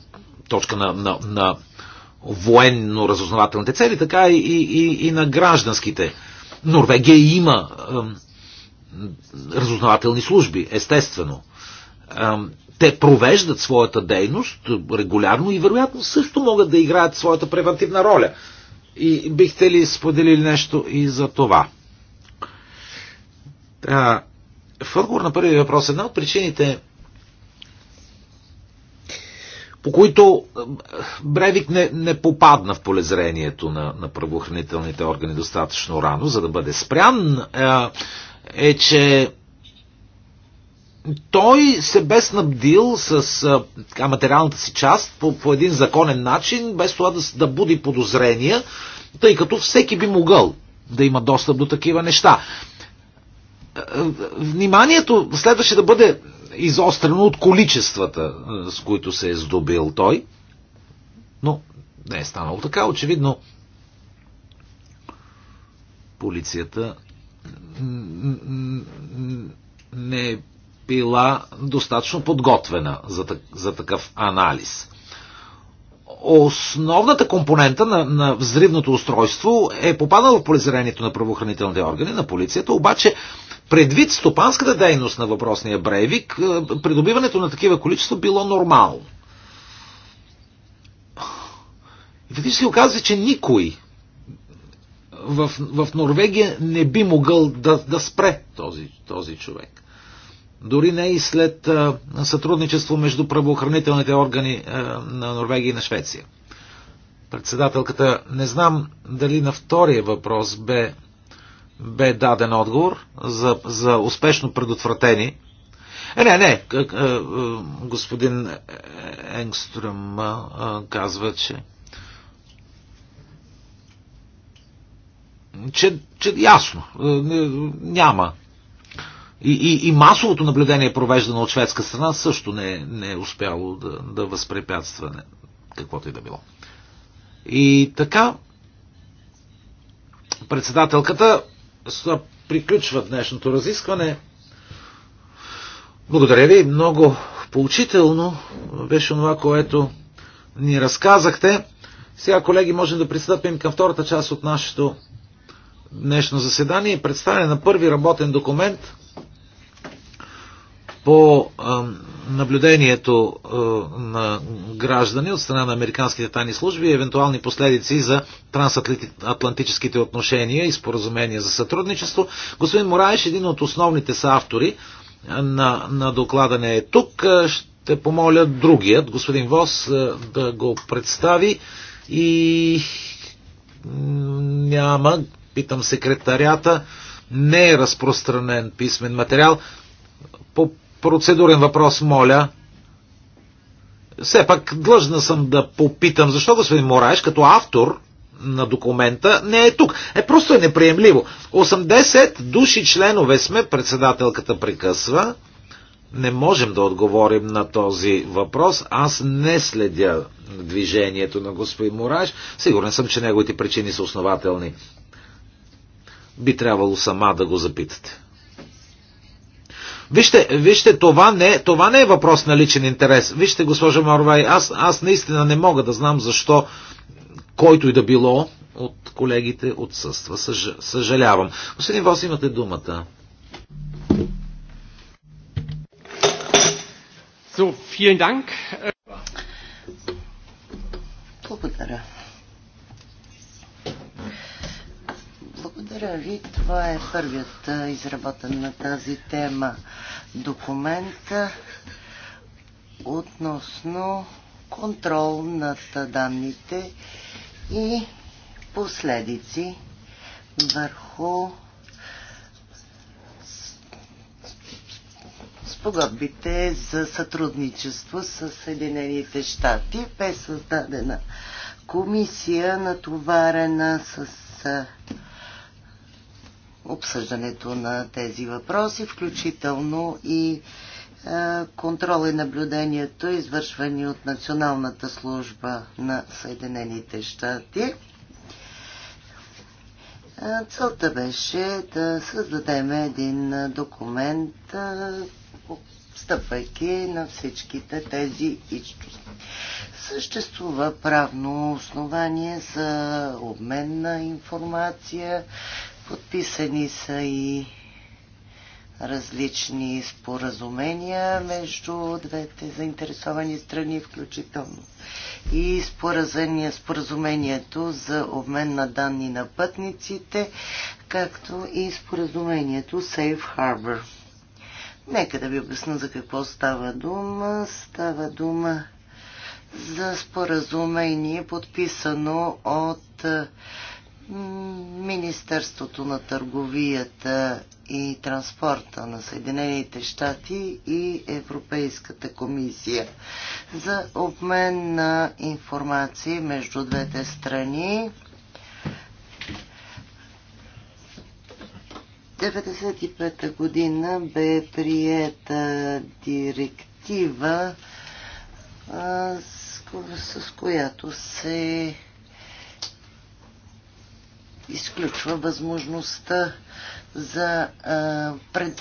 точка на, на, на военно-разузнавателните цели, така и, и, и на гражданските. Норвегия има разузнавателни служби, естествено те провеждат своята дейност е, регулярно и вероятно също могат да играят своята превентивна роля. И бихте ли споделили нещо и за това? А, в отговор на първият въпрос, една от причините, по които е, Бревик не, не попадна в полезрението на, на правоохранителните органи достатъчно рано, за да бъде спрян, е, е че той се бе снабдил с а, така, материалната си част по, по един законен начин, без това да, да буди подозрения, тъй като всеки би могъл да има достъп до такива неща. Е, е, вниманието следваше да бъде изострено от количествата, е, с които се е здобил той, но не е станало така. Очевидно, полицията не е била достатъчно подготвена за, за такъв анализ. Основната компонента на, на взривното устройство е попадала в полезрението на правоохранителните органи, на полицията, обаче предвид стопанската дейност на въпросния Брейвик, е, придобиването на такива количества било нормално. И фактически оказва, че никой в, в Норвегия не би могъл да, да спре този, този човек дори не и след сътрудничество между правоохранителните органи на Норвегия и на Швеция. Председателката, не знам дали на втория въпрос бе, бе даден отговор за, за успешно предотвратени. Е, не, не, господин Енгстрюм казва, че че, че ясно, няма и, и, и масовото наблюдение, провеждано от шведска страна, също не, не е успяло да, да възпрепятства не, каквото и да било. И така, председателката, приключва днешното разискване. Благодаря ви, много поучително беше това, което ни разказахте. Сега, колеги, можем да пристъпим към втората част от нашето днешно заседание. Представяне на първи работен документ по наблюдението е, на граждани от страна на американските тайни служби и евентуални последици за трансатлантическите отношения и споразумения за сътрудничество. Господин Мораеш, един от основните са автори на, на доклада не е тук. Е, ще помоля другият, господин Вос, е, да го представи и няма, питам секретарята, не е разпространен писмен материал. По Процедурен въпрос, моля. Все пак длъжна съм да попитам, защо господин Мораеш, като автор на документа, не е тук. Е, просто е неприемливо. 80 души членове сме, председателката прекъсва. Не можем да отговорим на този въпрос. Аз не следя движението на господин Мораеш. Сигурен съм, че неговите причини са основателни. Би трябвало сама да го запитате. Вижте, вижте това, не, това не е въпрос на личен интерес. Вижте, госпожа Марвай, аз, аз наистина не мога да знам защо който и да било от колегите отсъства. Съж, съжалявам. Господин Вос, имате думата. So, vielen Dank. Благодаря. Благодаря ви. Това е първият изработен на тази тема документ относно контрол над данните и последици върху спогодбите за сътрудничество с Съединените щати. Бе създадена комисия, натоварена с обсъждането на тези въпроси, включително и е, контрол и наблюдението, извършвани от Националната служба на Съединените щати. Е, целта беше да създадем един документ, е, стъпвайки на всичките тези източници. Съществува правно основание за обмен на информация, Подписани са и различни споразумения между двете заинтересовани страни, включително и споразумението за обмен на данни на пътниците, както и споразумението Safe Harbor. Нека да ви обясна за какво става дума. Става дума за споразумение, подписано от Министерството на търговията и транспорта на Съединените щати и Европейската комисия за обмен на информации между двете страни. 1995 година бе приета директива, с която се изключва възможността за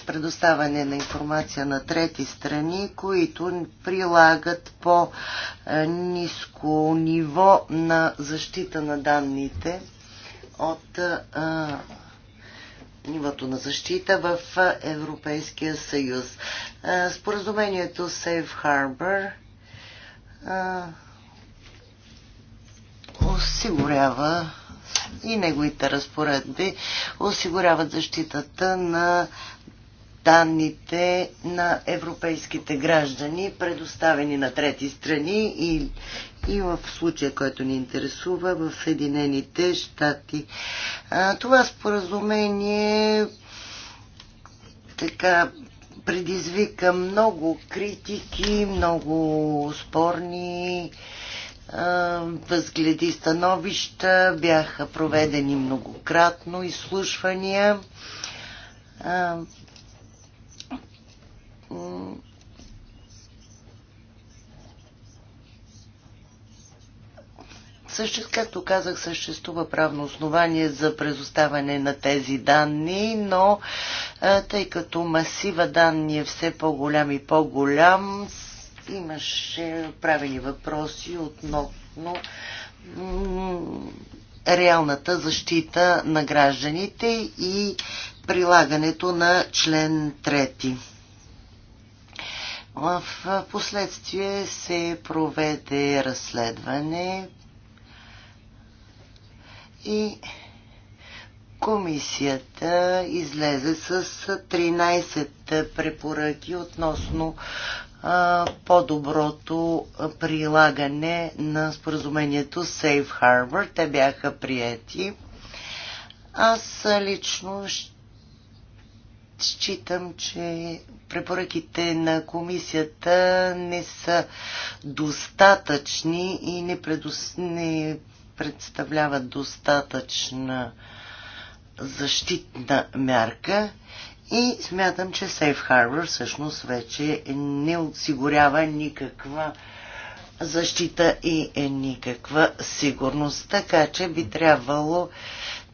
предоставяне на информация на трети страни, които прилагат по ниско ниво на защита на данните от нивото на защита в Европейския съюз. споразумението Safe Harbor осигурява и неговите разпоредби осигуряват защитата на данните на европейските граждани, предоставени на трети страни и, и в случая, който ни интересува, в Съединените щати. А, това споразумение така предизвика много критики, много спорни възгледи становища, бяха проведени многократно изслушвания. Също, както казах, съществува правно основание за предоставяне на тези данни, но тъй като масива данни е все по-голям и по-голям, имаше правени въпроси относно реалната защита на гражданите и прилагането на член 3. В последствие се проведе разследване и комисията излезе с 13 препоръки относно по-доброто прилагане на споразумението Safe Harbor. Те бяха приети. Аз лично считам, че препоръките на комисията не са достатъчни и не, предос... не представляват достатъчна защитна мярка и смятам, че Safe Harbor всъщност вече не осигурява никаква защита и е никаква сигурност. Така че би трябвало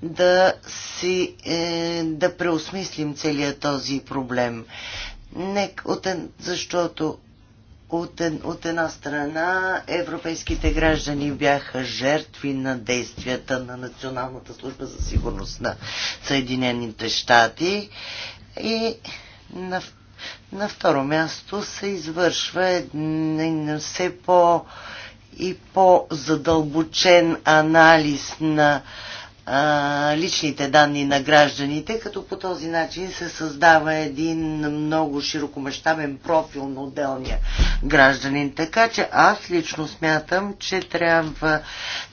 да, си, е, да преосмислим целият този проблем. Не, от, защото от, от една страна европейските граждани бяха жертви на действията на Националната служба за сигурност на Съединените щати, и на, на второ място се извършва един все по- и по-задълбочен анализ на а, личните данни на гражданите, като по този начин се създава един много широкомащабен профил на отделния гражданин. Така че аз лично смятам, че трябва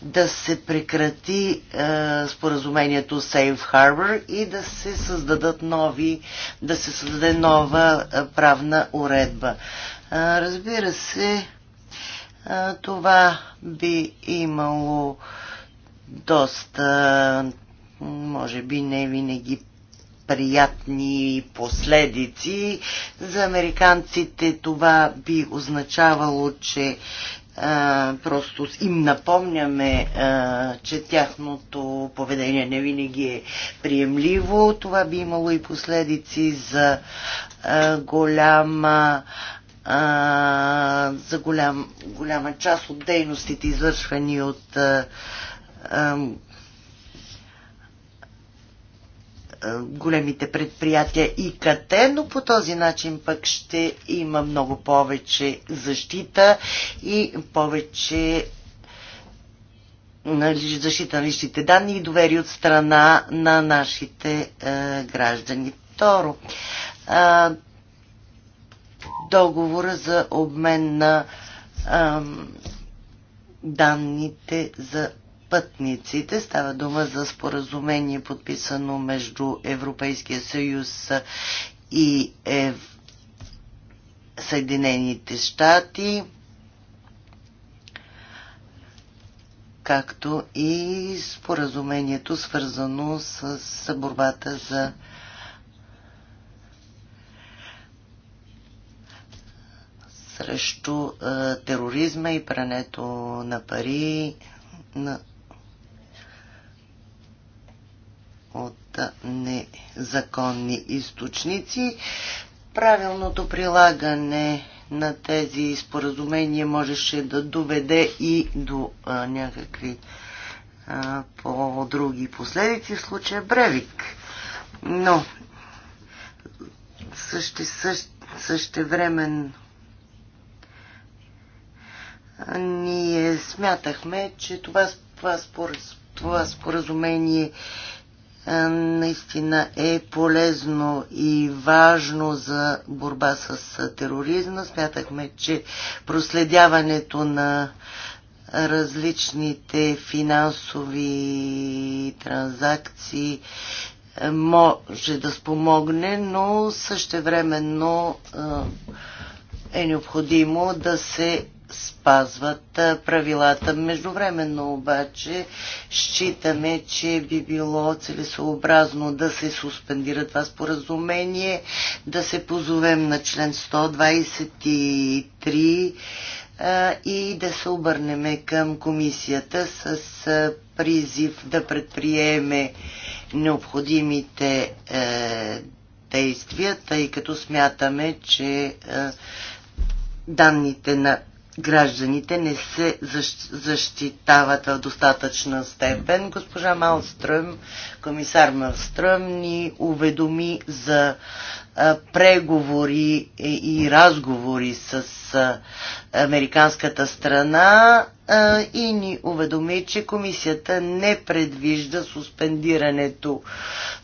да се прекрати а, споразумението Safe Harbor и да се създадат нови, да се създаде нова а, правна уредба. А, разбира се, а, това би имало а, доста, може би не винаги приятни последици. За американците това би означавало, че а, просто им напомняме, а, че тяхното поведение не винаги е приемливо. Това би имало и последици за а, голяма а, за голям, голяма част от дейностите, извършвани от а, големите предприятия и КТ, но по този начин пък ще има много повече защита и повече нали, защита на личните данни и доверие от страна на нашите е, граждани. Второ, е, договора за обмен на е, данните за пътниците. Става дума за споразумение, подписано между Европейския съюз и Ев... Съединените щати, както и споразумението, свързано с борбата за срещу тероризма и прането на пари на от незаконни източници. Правилното прилагане на тези споразумения можеше да доведе и до а, някакви а, по-други последици, в случая Бревик. Но също, също, същевременно ние смятахме, че това, това, това споразумение наистина е полезно и важно за борба с тероризма. Смятахме, че проследяването на различните финансови транзакции може да спомогне, но същевременно е необходимо да се спазват правилата. Междувременно обаче считаме, че би било целесообразно да се суспендира това споразумение, да се позовем на член 123 и да се обърнем към комисията с призив да предприеме необходимите е, действия, тъй като смятаме, че е, данните на гражданите не се защитават в достатъчна степен. Госпожа Малстръм, комисар Малстръм ни уведоми за преговори и разговори с американската страна и ни уведоми, че комисията не предвижда суспендирането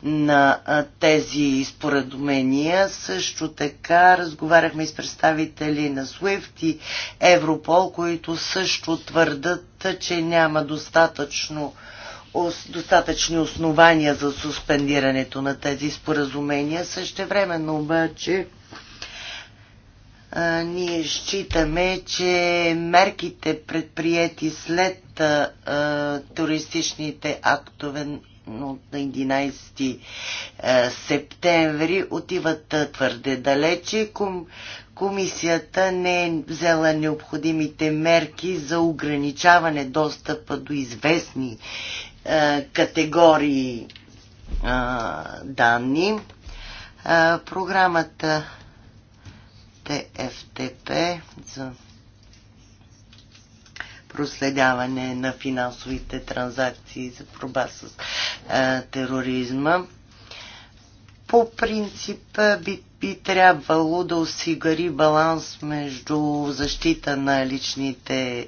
на тези споразумения. Също така разговаряхме с представители на SWIFT и Европол, които също твърдат, че няма достатъчно достатъчни основания за суспендирането на тези споразумения. Същевременно обаче а, ние считаме, че мерките предприяти след а, туристичните актове на 11 септември отиват твърде далече комисията не е взела необходимите мерки за ограничаване достъпа до известни е, категории е, данни. Е, програмата ТФТП за проследяване на финансовите транзакции за проба с е, тероризма по принцип би, би трябвало да осигури баланс между защита на личните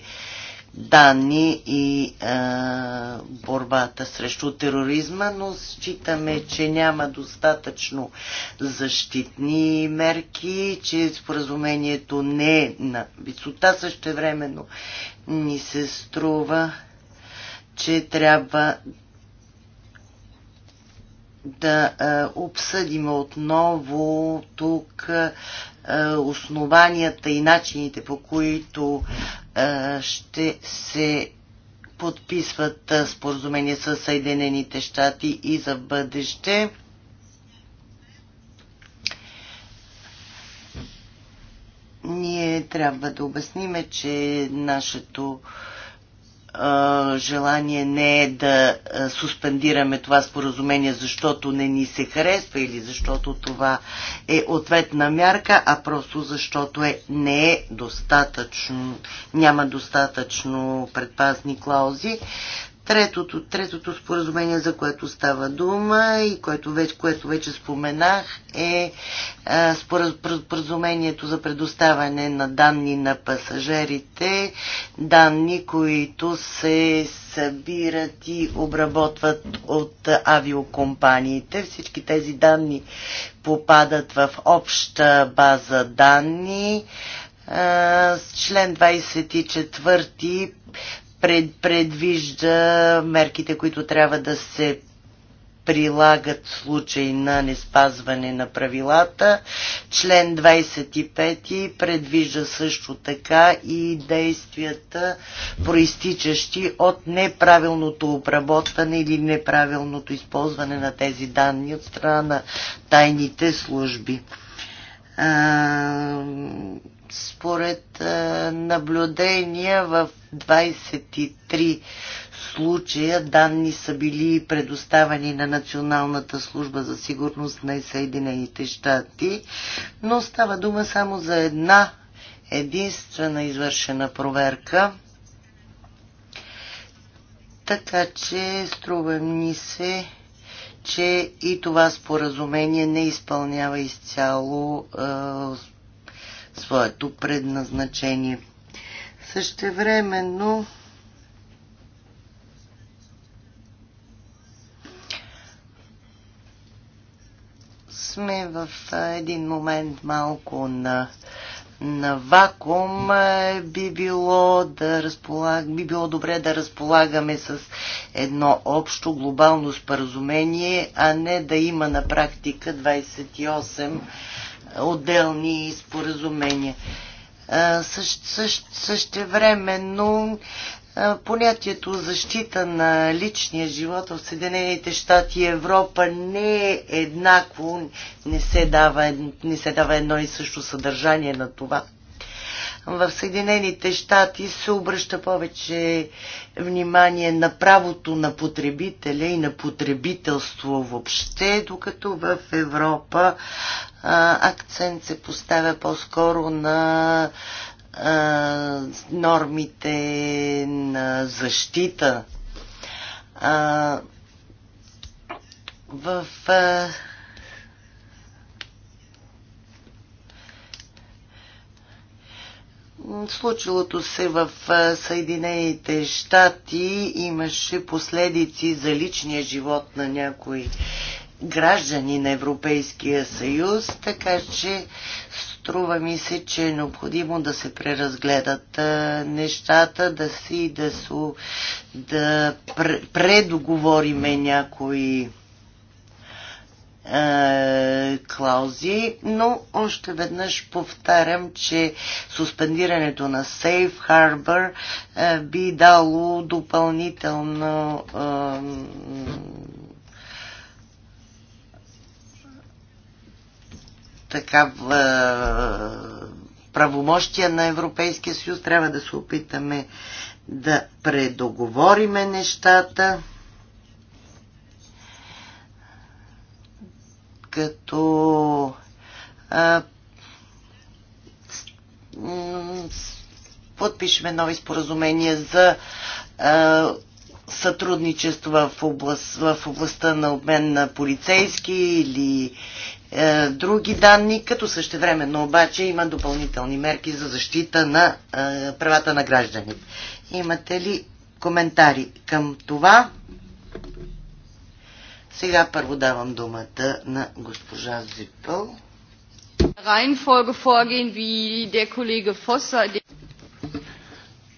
данни и а, борбата срещу тероризма, но считаме, че няма достатъчно защитни мерки, че споразумението не е на висота същевременно. Ни се струва, че трябва да е, обсъдим отново тук е, основанията и начините по които е, ще се подписват споразумения с Съединените щати и за бъдеще. Ние трябва да обясниме, че нашето желание не е да суспендираме това споразумение, защото не ни се харесва или защото това е ответна мярка, а просто защото е, не е достатъчно, няма достатъчно предпазни клаузи. Третото, третото споразумение, за което става дума и което вече, което вече споменах, е, е споразумението за предоставяне на данни на пасажирите, данни, които се събират и обработват от авиокомпаниите. Всички тези данни попадат в обща база данни. Е, член 24 пред, предвижда мерките, които трябва да се прилагат в случай на неспазване на правилата. Член 25 предвижда също така и действията, проистичащи от неправилното обработване или неправилното използване на тези данни от страна на тайните служби според е, наблюдения в 23 случая данни са били предоставени на Националната служба за сигурност на Съединените щати, но става дума само за една единствена извършена проверка. Така че струва ми се, че и това споразумение не изпълнява изцяло а, е, своето предназначение. Същевременно сме в един момент малко на, на вакуум. Би било, да разполаг, би било добре да разполагаме с едно общо глобално споразумение, а не да има на практика 28 отделни споразумения. същевременно понятието защита на личния живот в Съединените щати и Европа не е еднакво, не се, дава, не се дава едно и също съдържание на това. В Съединените щати се обръща повече внимание на правото на потребителя и на потребителство въобще, докато в Европа а, акцент се поставя по-скоро на а, нормите на защита. А, в а, случилото се в Съединените щати имаше последици за личния живот на някои граждани на Европейския съюз, така че струва ми се, че е необходимо да се преразгледат нещата, да си да, су, да пр, предоговориме някои е, клаузи, но още веднъж повтарям, че суспендирането на Safe Harbor е, би дало допълнително е, така е, правомощия на Европейския съюз. Трябва да се опитаме да предоговориме нещата. като а, подпишеме нови споразумения за а, сътрудничество в, област, в областта на обмен на полицейски или а, други данни, като същевременно обаче има допълнителни мерки за защита на а, правата на гражданите. Имате ли коментари към това? Сега първо давам думата на госпожа Зипъл. Reihenfolge vorgehen wie der Kollege Fosser.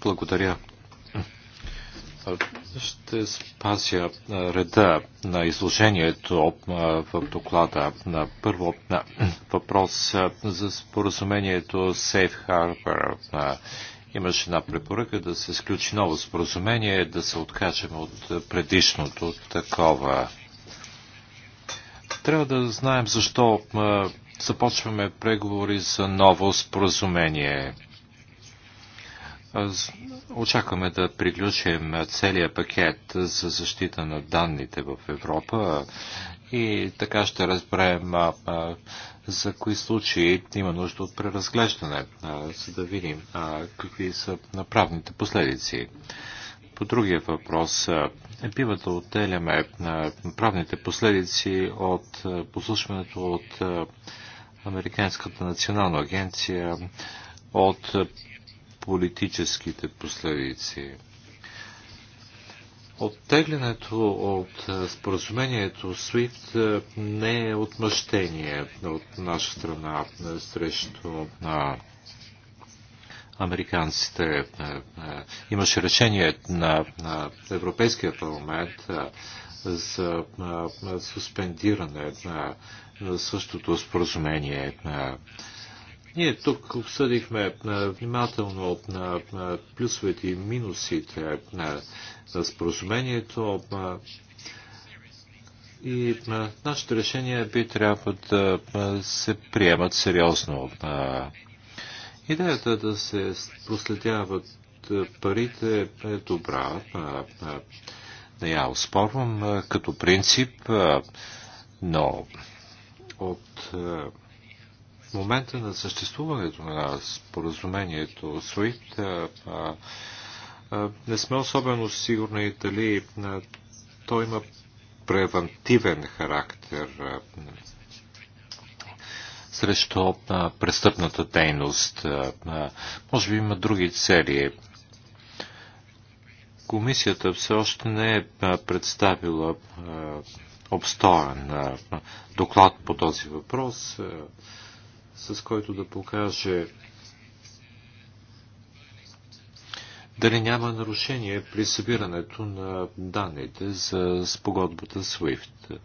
Благодаря. Ще спася реда на изложението в доклада. На първо на въпрос за споразумението Safe Harbor. Имаше една препоръка да се сключи ново споразумение, да се откажем от предишното такова. Трябва да знаем защо започваме преговори за ново споразумение. Очакваме да приключим целия пакет за защита на данните в Европа и така ще разберем за кои случаи има нужда от преразглеждане, за да видим какви са направните последици по другия въпрос, бива да отделяме правните последици от послушването от Американската национална агенция от политическите последици. Оттеглянето от споразумението SWIFT не е отмъщение от наша страна срещу на американците. Е, е, е, имаше решение на Европейския парламент за суспендиране на същото споразумение. Ние тук обсъдихме внимателно на плюсовете и минусите на споразумението и нашите решения би трябва да се приемат сериозно. Идеята да се проследяват е, парите е добра. Не я оспорвам като принцип, но от е, момента на съществуването на споразумението SWIFT не сме особено сигурни дали то има превантивен характер срещу престъпната дейност. Може би има други цели. Комисията все още не е представила обстоен доклад по този въпрос, с който да покаже дали няма нарушение при събирането на данните за спогодбата SWIFT.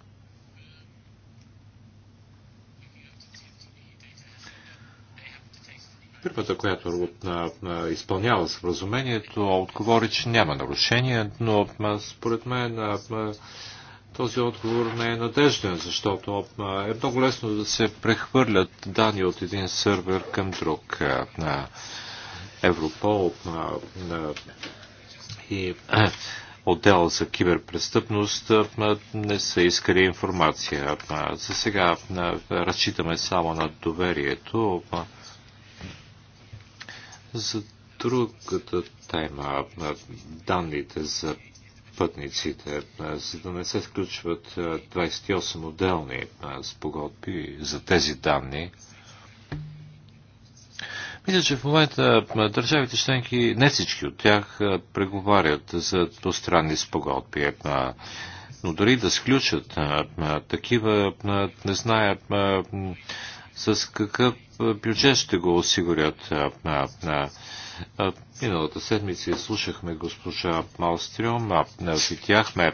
Фирмата, която изпълнява споразумението, отговори, че няма нарушение, но според мен този отговор не е надежден, защото е много лесно да се прехвърлят данни от един сървър към друг на Европол и отдел за киберпрестъпност не са искали информация. За сега разчитаме само на доверието за другата тема, данните за пътниците, за да не се включват 28 отделни спогодби за тези данни. Мисля, че в момента държавите членки, не всички от тях, преговарят за двустранни спогодби. Но дори да сключат такива, не знаят с какъв бюджет ще го осигурят. Миналата седмица слушахме госпожа Малстрюм, видяхме,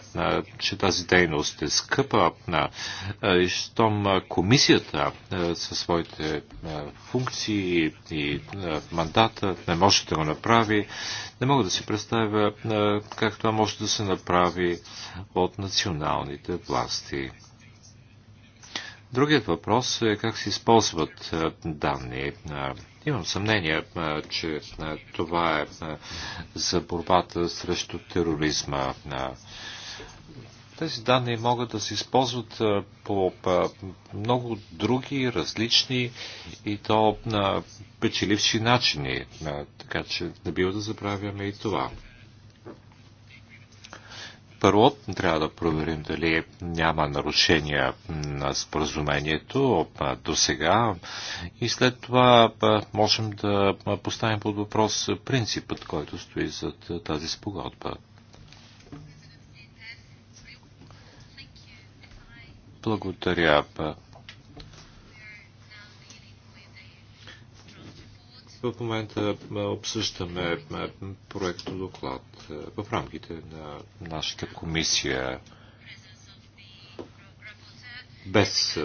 че тази дейност е скъпа и щом комисията със своите функции и мандата не може да го направи, не мога да си представя как това може да се направи от националните власти. Другият въпрос е как се използват данни. Имам съмнение, че това е за борбата срещу тероризма. Тези данни могат да се използват по много други, различни и то на печеливши начини, така че не бива да забравяме и това. Първо, трябва да проверим дали няма нарушения на споразумението до сега и след това можем да поставим под въпрос принципът, който стои зад тази спогодба. Благодаря. В момента обсъждаме проекто доклад в рамките на нашата комисия без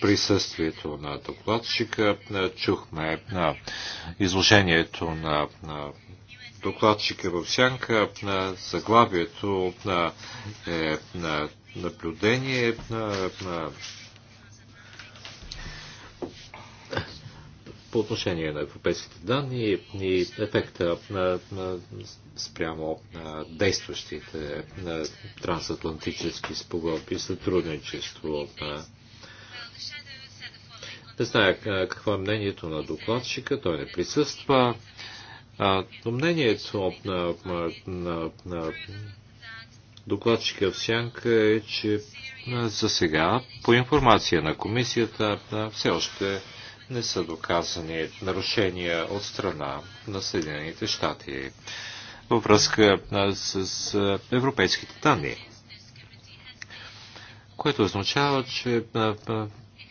присъствието на докладчика. Чухме на изложението на, докладчика в сянка. На заглавието на, е на наблюдение на, на по отношение на европейските данни и ефекта на, на, спрямо на действащите на трансатлантически спогодби и сътрудничество. На... Не зная какво е мнението на докладчика, той не присъства. А, мнението на, на, на, на докладчика в Сянка е, че за сега, по информация на комисията, все още не са доказани нарушения от страна на Съединените щати във връзка с европейските данни. Което означава, че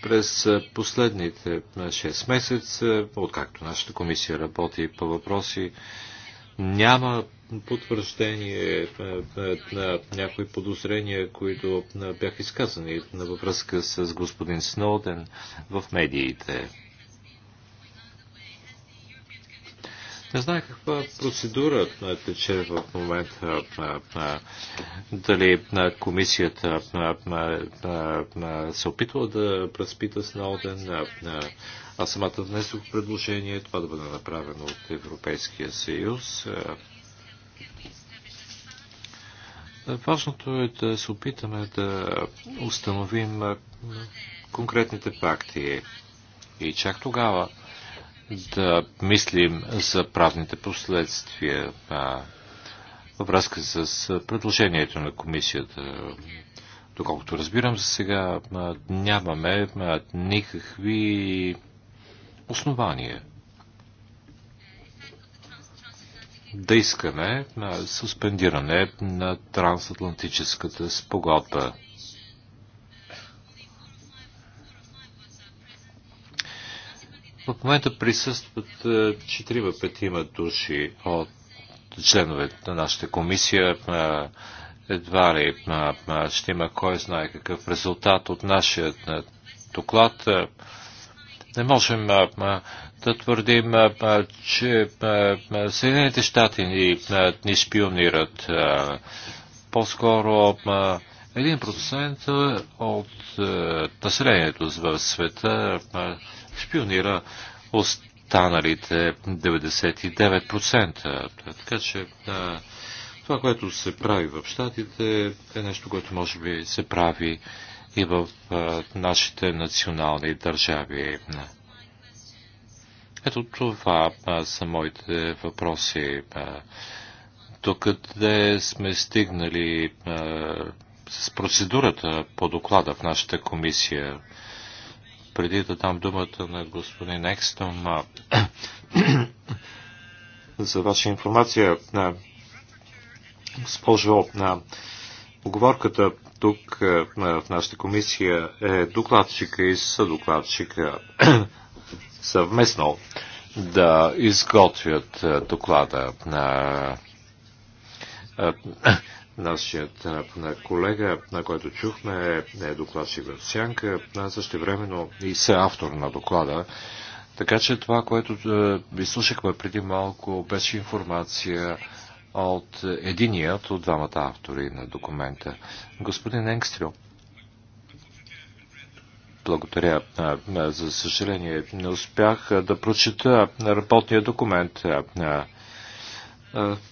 през последните 6 месеца, откакто нашата комисия работи по въпроси, няма потвърждение на някои подозрения, които бяха изказани във връзка с господин Сноуден в медиите. Не знае каква процедура е, тече в момента. Дали комисията се опитва да преспита С Налден. а самата внесох предложение това да бъде направено от Европейския съюз. Важното е да се опитаме да установим конкретните факти. И чак тогава да мислим за правните последствия а, във връзка с предложението на комисията. Доколкото разбирам, за сега а, нямаме а, никакви основания да искаме на суспендиране на трансатлантическата спогодба. В момента присъстват е, четирима петима души от членовете на нашата комисия. Е, едва ли е, ще има кой знае какъв резултат от нашия доклад. Не можем да твърдим, че Съединените щати ни, ни шпионират. По-скоро 1% от населението в света шпионира останалите 99%. Така че а, това, което се прави в Штатите, е нещо, което може би се прави и в а, нашите национални държави. Ето това а, са моите въпроси. докъде сме стигнали а, с процедурата по доклада в нашата комисия? преди да дам думата на господин Екстъм, за ваша информация, на госпожо, на оговорката тук в нашата комисия е докладчика и съдокладчика съвместно да изготвят доклада на Нашият на колега, на който чухме, е докладчик в Сянка, също времено и се автор на доклада. Така че това, което ви слушахме преди малко, беше информация от единият от двамата автори на документа. Господин Енгстрил. Благодаря. За съжаление, не успях да прочета работния документ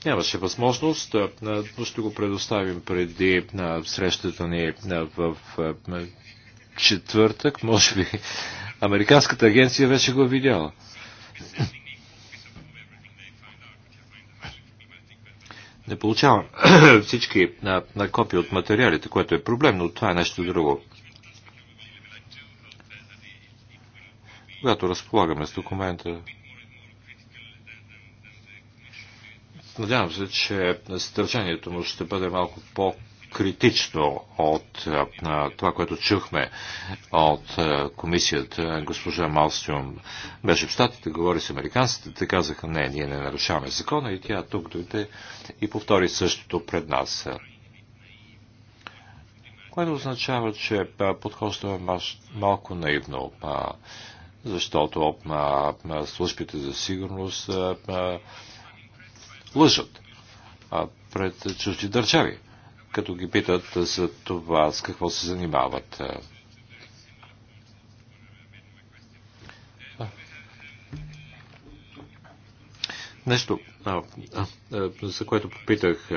нямаше възможност. Но ще го предоставим преди на срещата ни в четвъртък. Може би Американската агенция вече го е видяла. Не получавам всички на, на копия от материалите, което е проблем, но това е нещо друго. Когато разполагаме с документа, Надявам се, че съдържанието му ще бъде малко по-критично от а, това, което чухме от а, комисията. Госпожа Малстюм беше в Штатите, говори с американците, те казаха, не, ние не нарушаваме закона и тя тук дойде и повтори същото пред нас. Което означава, че подхождаме малко наивно защото службите за сигурност лъжат пред чужди държави, като ги питат за това с какво се занимават. Нещо, за което попитах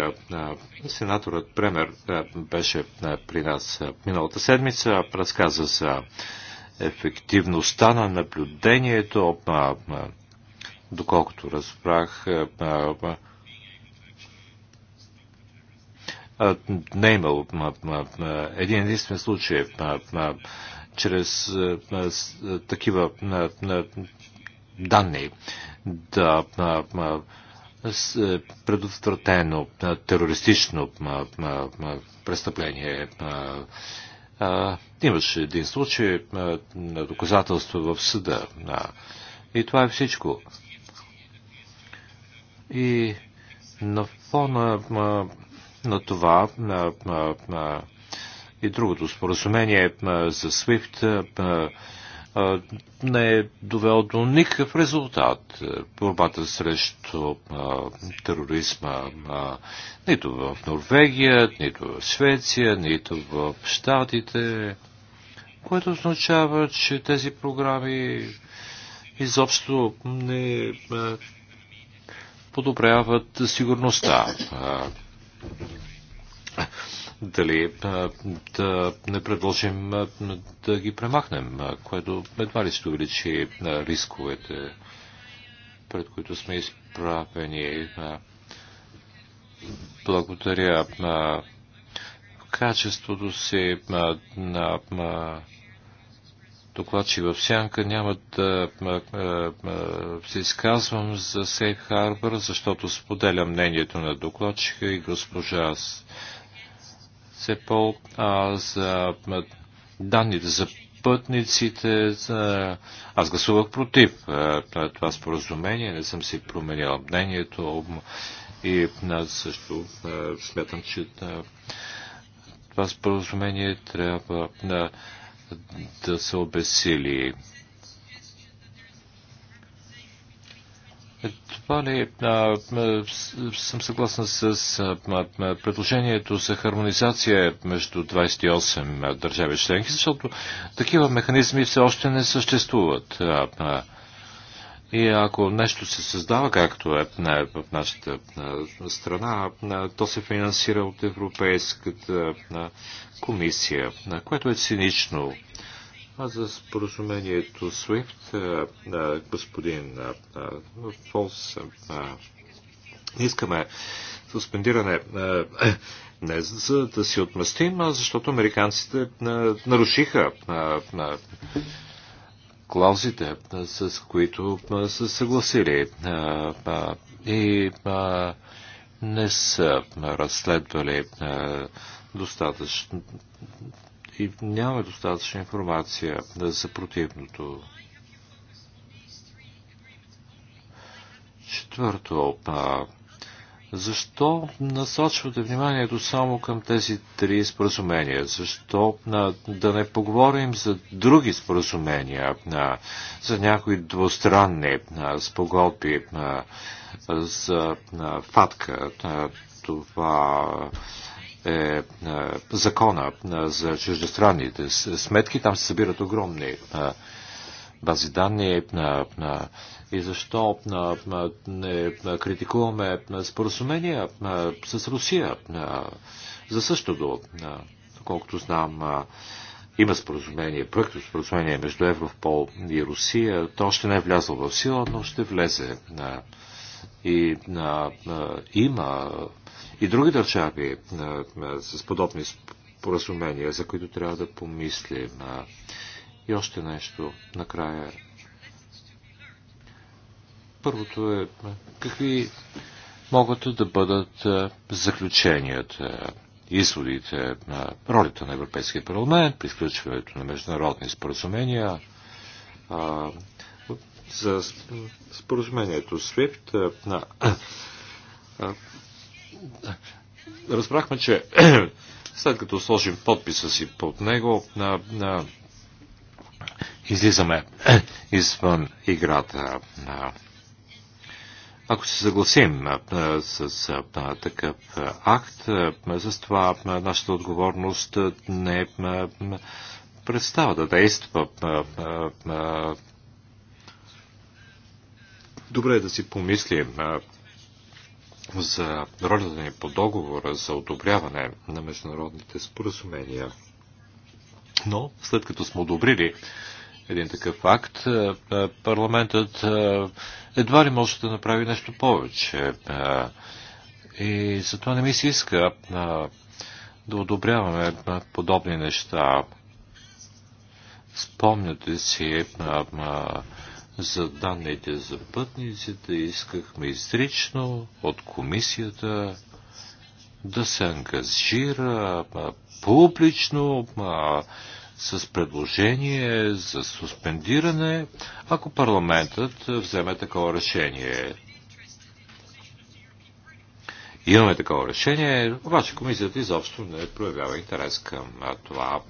сенаторът Премер, беше при нас миналата седмица, разказа за ефективността на наблюдението, доколкото разбрах, не е имало един единствен случай чрез такива данни да предотвратено терористично престъпление. Имаше един случай на доказателство в съда. И това е всичко. И на фона на това на, на, на, и другото споразумение за SWIFT не е довел до никакъв резултат. Борбата срещу а, тероризма а, нито в Норвегия, нито в Швеция, нито в Штатите, което означава, че тези програми изобщо не а, подобряват сигурността. А, дали да не предложим да ги премахнем, което едва ли ще увеличи рисковете, пред които сме изправени. Благодаря на качеството си на докладчи в сянка. Няма да се изказвам за Сейф Харбър, защото споделя мнението на докладчика и госпожа Сепол а, за данните за пътниците. За... Аз гласувах против това споразумение, не съм си променял мнението и аз също смятам, че това споразумение трябва да да се обесили. Това ли а, съм съгласен с а, предложението за хармонизация между 28 държави членки, защото такива механизми все още не съществуват. А, а, и ако нещо се създава, както е в нашата страна, то се финансира от Европейската комисия, което е цинично. А за споразумението SWIFT, господин Фолс, искаме суспендиране не за да си отмъстим, а защото американците нарушиха клаузите, с които са съгласили и не са разследвали достатъчно и нямаме достатъчна информация за противното. Четвърто, а, защо насочвате вниманието само към тези три споразумения? Защо на да не поговорим за други споразумения, на, за някои двустранни а, спогодби за на, фатка? на това е, е закона е, за чуждестранните сметки. Там се събират огромни е, бази данни и защо не критикуваме споразумения с Русия за същото, колкото знам има споразумение, проекто споразумение между Европол и Русия. То още не е влязло в сила, но ще влезе. И е, има и други държави е, е, с подобни споразумения, за които трябва да помислим. Е, и още нещо накрая. Първото е какви могат да бъдат заключенията, изводите на ролята на Европейския парламент при включването на международни споразумения за споразумението SWIFT на разбрахме, че след като сложим подписа си под него, на, на, излизаме извън играта. На, ако се съгласим с такъв акт, с това нашата отговорност не представа да действа. Добре е да си помислим за ролята ни по договора за одобряване на международните споразумения. Но след като сме одобрили един такъв акт, е, е, парламентът е, едва ли може да направи нещо повече. И затова не ми се иска да одобряваме подобни неща. Спомняте си за данните за пътниците искахме изрично от комисията да се ангажира публично с предложение за суспендиране, ако парламентът вземе такова решение. Имаме такова решение, обаче комисията изобщо не проявява интерес към това.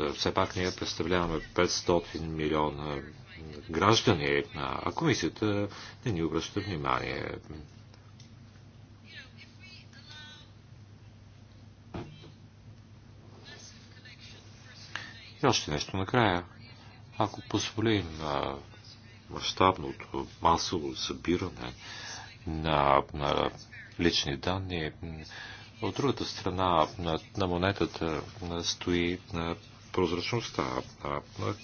Е, все пак ние представляваме 500 милиона граждани, а комисията не ни обръща внимание. И още нещо накрая. Ако позволим мащабното масово събиране на, на лични данни, от другата страна на, на монетата стои на прозрачността,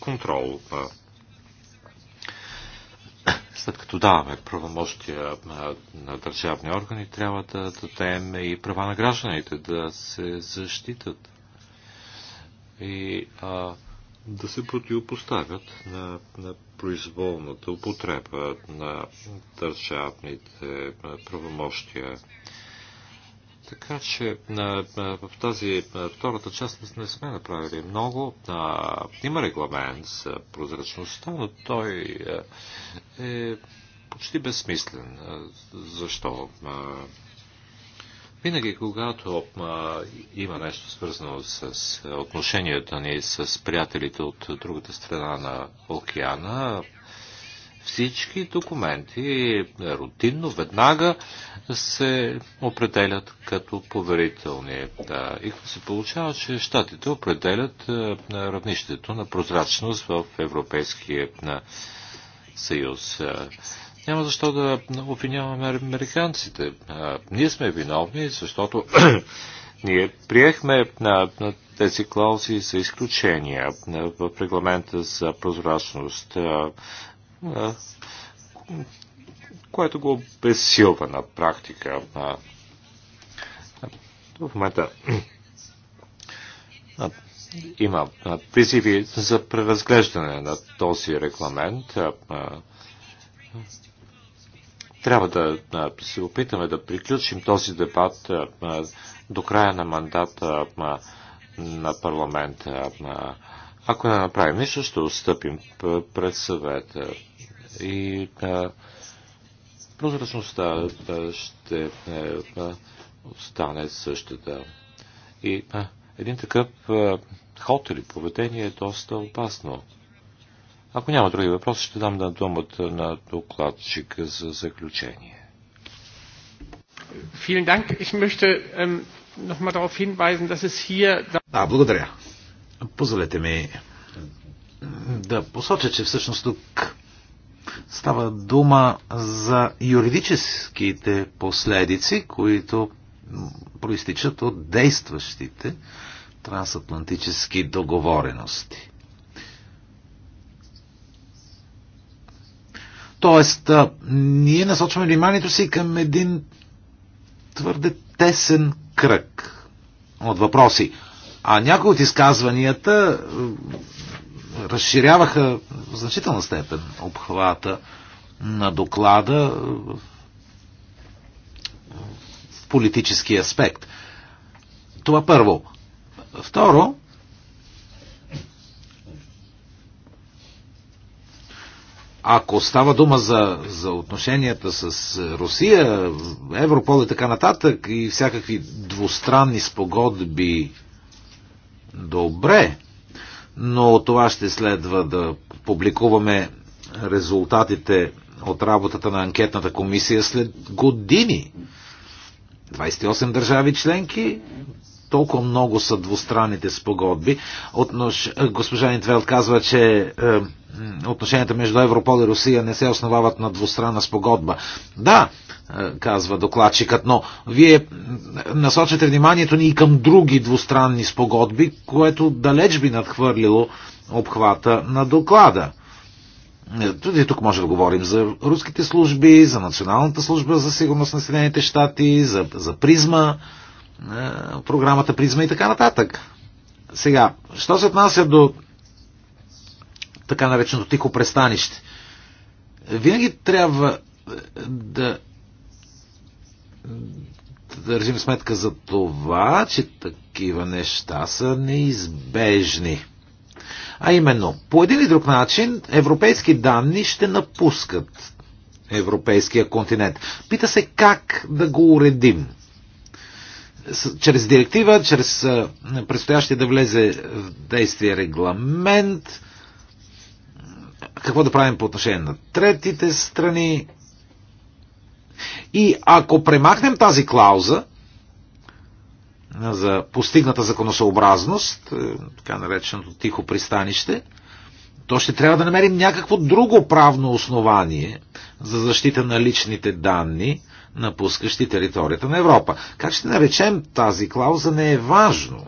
контрол. След като даваме правомощия на държавни органи, трябва да дадем и права на гражданите да се защитат и а, да се противопоставят на, на произволната употреба на държавните правомощия. Така че в тази втората част не сме направили много. Има регламент за прозрачността, но той е почти безсмислен. Защо? Винаги, когато има нещо свързано с отношенията ни с приятелите от другата страна на океана, всички документи е, рутинно, веднага се определят като поверителни. Да, и се получава, че щатите определят е, равнището на прозрачност в Европейския е, съюз. Няма защо да обвиняваме американците. Ние сме виновни, защото ние приехме на, на тези клаузи за изключения в регламента за прозрачност което го обесилва на практика. В момента има призиви за преразглеждане на този регламент. Трябва да се опитаме да приключим този дебат до края на мандата на парламента. Ако не направим нищо, ще отстъпим пред съвета и а, прозрачността а, ще а, остане същата. И а, един такъв а, ход или поведение е доста опасно. Ако няма други въпроси, ще дам на думата на докладчика за заключение. Vielen Dank. Ich möchte ähm, darauf hinweisen, dass es hier... Да, благодаря. Позволете ми да посоча, че всъщност тук Става дума за юридическите последици, които проистичат от действащите трансатлантически договорености. Тоест, ние насочваме вниманието си към един твърде тесен кръг от въпроси. А някои от изказванията разширяваха в значителна степен обхвата на доклада в политически аспект. Това първо. Второ, ако става дума за, за отношенията с Русия, Европол и така нататък и всякакви двустранни спогодби, добре но това ще следва да публикуваме резултатите от работата на анкетната комисия след години. 28 държави членки толкова много са двустранните спогодби. Отнош... Е, госпожа Нитвелт казва, че е, отношенията между Европол и Русия не се основават на двустранна спогодба. Да, е, казва докладчикът, но вие насочате вниманието ни и към други двустранни спогодби, което далеч би надхвърлило обхвата на доклада. Е, туди тук може да говорим за руските служби, за Националната служба за сигурност на Съединените щати, за, за призма. Е, програмата Призма и така нататък. Сега, що се отнася до така нареченото тихо престанище? Винаги трябва е, да, да държим сметка за това, че такива неща са неизбежни. А именно, по един или друг начин, европейски данни ще напускат европейския континент. Пита се как да го уредим чрез директива, чрез предстоящия да влезе в действие регламент, какво да правим по отношение на третите страни. И ако премахнем тази клауза за постигната законосъобразност, е, така нареченото тихо пристанище, то ще трябва да намерим някакво друго правно основание за защита на личните данни – напускащи територията на Европа. Как ще наречем тази клауза не е важно.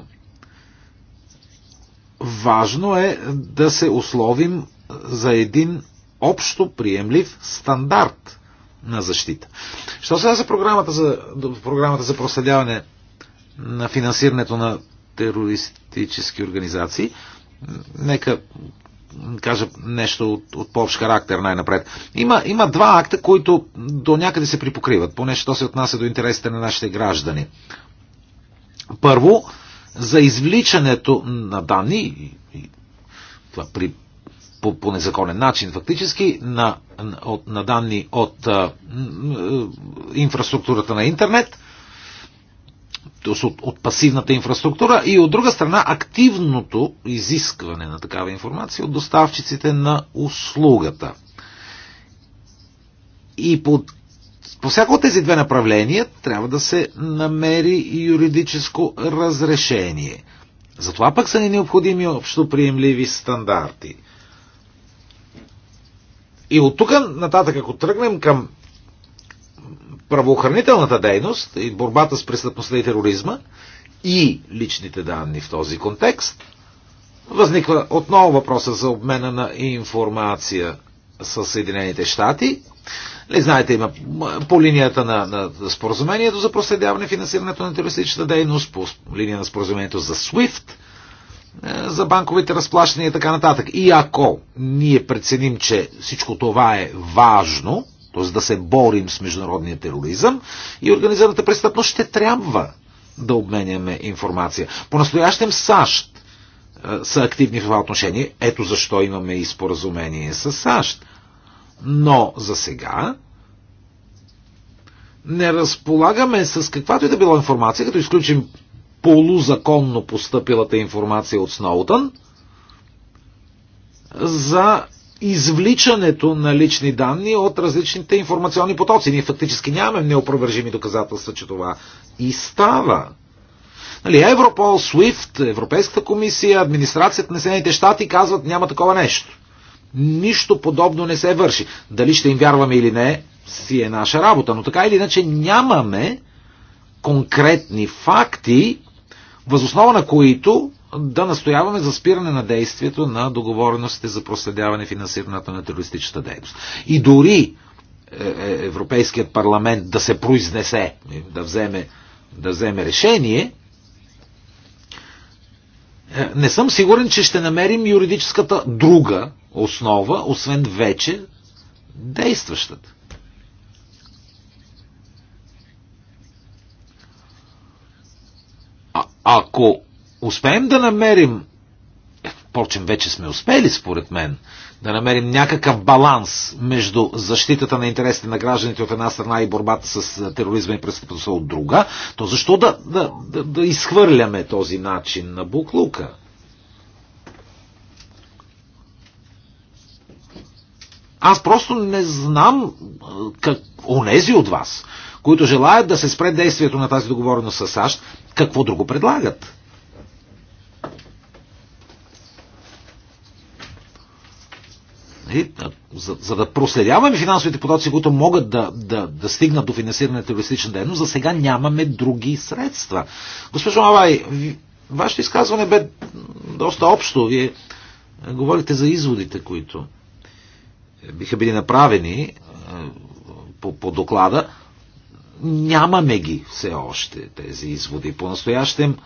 Важно е да се условим за един общо приемлив стандарт на защита. Що сега за програмата за, програмата за проследяване на финансирането на терористически организации? Нека кажа нещо от, от по-общ характер най-напред. Има, има два акта, които до някъде се припокриват, поне що се отнася до интересите на нашите граждани. Първо, за извличането на данни, това при, по, по незаконен начин фактически, на, от, на данни от а, инфраструктурата на интернет, от, от пасивната инфраструктура и от друга страна активното изискване на такава информация от доставчиците на услугата. И по, по всяко от тези две направления трябва да се намери юридическо разрешение. Затова пък са ни необходими общо приемливи стандарти. И от тук нататък, ако тръгнем към правоохранителната дейност и борбата с престъпността и тероризма и личните данни в този контекст, възниква отново въпроса за обмена на информация с Съединените щати. Не знаете, има по линията на, на споразумението за проследяване финансирането на терористичната дейност, по линия на споразумението за SWIFT, е, за банковите разплащания и така нататък. И ако ние преценим, че всичко това е важно, т.е. да се борим с международния тероризъм и организираната престъпност ще трябва да обменяме информация. По-настоящем САЩ е, са активни в това отношение. Ето защо имаме и споразумение с САЩ. Но за сега не разполагаме с каквато и да било информация, като изключим полузаконно поступилата информация от Сноутън за извличането на лични данни от различните информационни потоци. Ние фактически нямаме неопровержими доказателства, че това и става. Нали, Европол, Свифт, Европейската комисия, администрацията на Съединените щати казват няма такова нещо. Нищо подобно не се върши. Дали ще им вярваме или не, си е наша работа. Но така или иначе нямаме конкретни факти, възоснова на които да настояваме за спиране на действието на договореностите за проследяване и финансирането на терористичната дейност. И дори е, е, Европейският парламент да се произнесе, да вземе, да вземе решение, е, не съм сигурен, че ще намерим юридическата друга основа, освен вече действащата. А, ако успеем да намерим, е, впрочем вече сме успели според мен, да намерим някакъв баланс между защитата на интересите на гражданите от една страна и борбата с е, тероризма и престъпността от друга, то защо да, да, да, да изхвърляме този начин на буклука? Аз просто не знам е, как, онези от вас, които желаят да се спре действието на тази договорност с САЩ, какво друго предлагат. Нали? за, за да проследяваме финансовите потоци, които могат да, да, да стигнат до финансиране на терористична дейност, за сега нямаме други средства. Госпожо Мавай, вашето изказване бе доста общо. Вие е, говорите за изводите, които е, биха били направени е, по, по доклада. Нямаме ги все още тези изводи. По-настоящем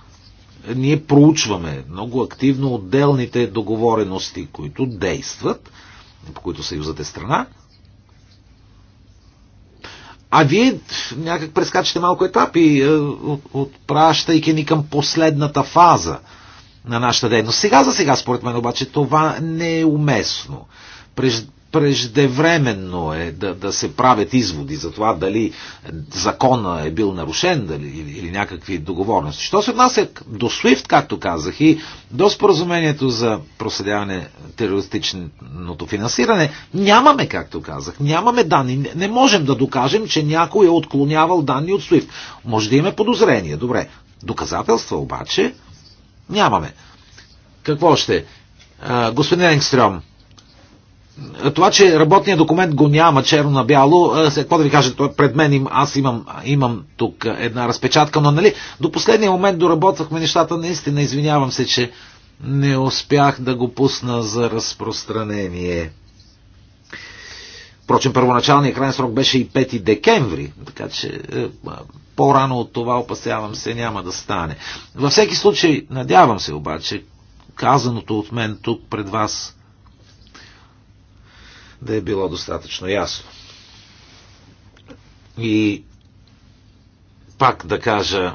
ние проучваме много активно отделните договорености, които действат по които Съюзът е страна. А вие някак прескачате малко етапи, е, отпращайки ни към последната фаза на нашата дейност. Сега за сега, според мен, обаче това не е уместно преждевременно е да, да се правят изводи за това дали закона е бил нарушен дали, или, или някакви договорности. Що се отнася до SWIFT, както казах, и до споразумението за проследяване терористичното финансиране, нямаме, както казах, нямаме данни. Не можем да докажем, че някой е отклонявал данни от SWIFT. Може да има подозрение, добре. Доказателства обаче нямаме. Какво ще? Господин Енгстрем, това, че работният документ го няма черно на бяло, е, след какво да ви кажа, е пред мен им, аз имам, имам тук е, една разпечатка, но нали, до последния момент доработвахме нещата, наистина извинявам се, че не успях да го пусна за разпространение. Впрочем, първоначалният крайен срок беше и 5 декември, така че по-рано от това, опасявам се, няма да стане. Във всеки случай, надявам се обаче, казаното от мен тук пред вас да е било достатъчно ясно. И пак да кажа,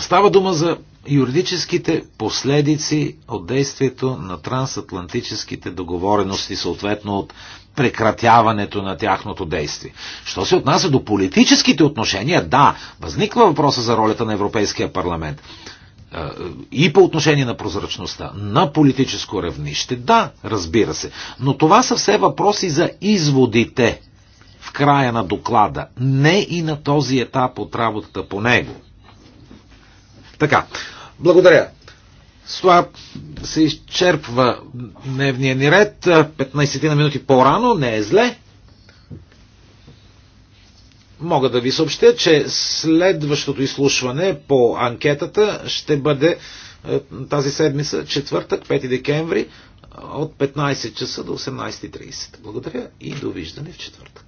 става дума за юридическите последици от действието на трансатлантическите договорености, съответно от прекратяването на тяхното действие. Що се отнася до политическите отношения, да, възниква въпроса за ролята на Европейския парламент и по отношение на прозрачността на политическо равнище. Да, разбира се. Но това са все въпроси за изводите в края на доклада. Не и на този етап от работата по него. Така. Благодаря. С това се изчерпва дневния ни ред. 15 на минути по-рано. Не е зле мога да ви съобщя, че следващото изслушване по анкетата ще бъде е, тази седмица, четвъртък, 5 декември, от 15 часа до 18.30. Благодаря и довиждане в четвъртък.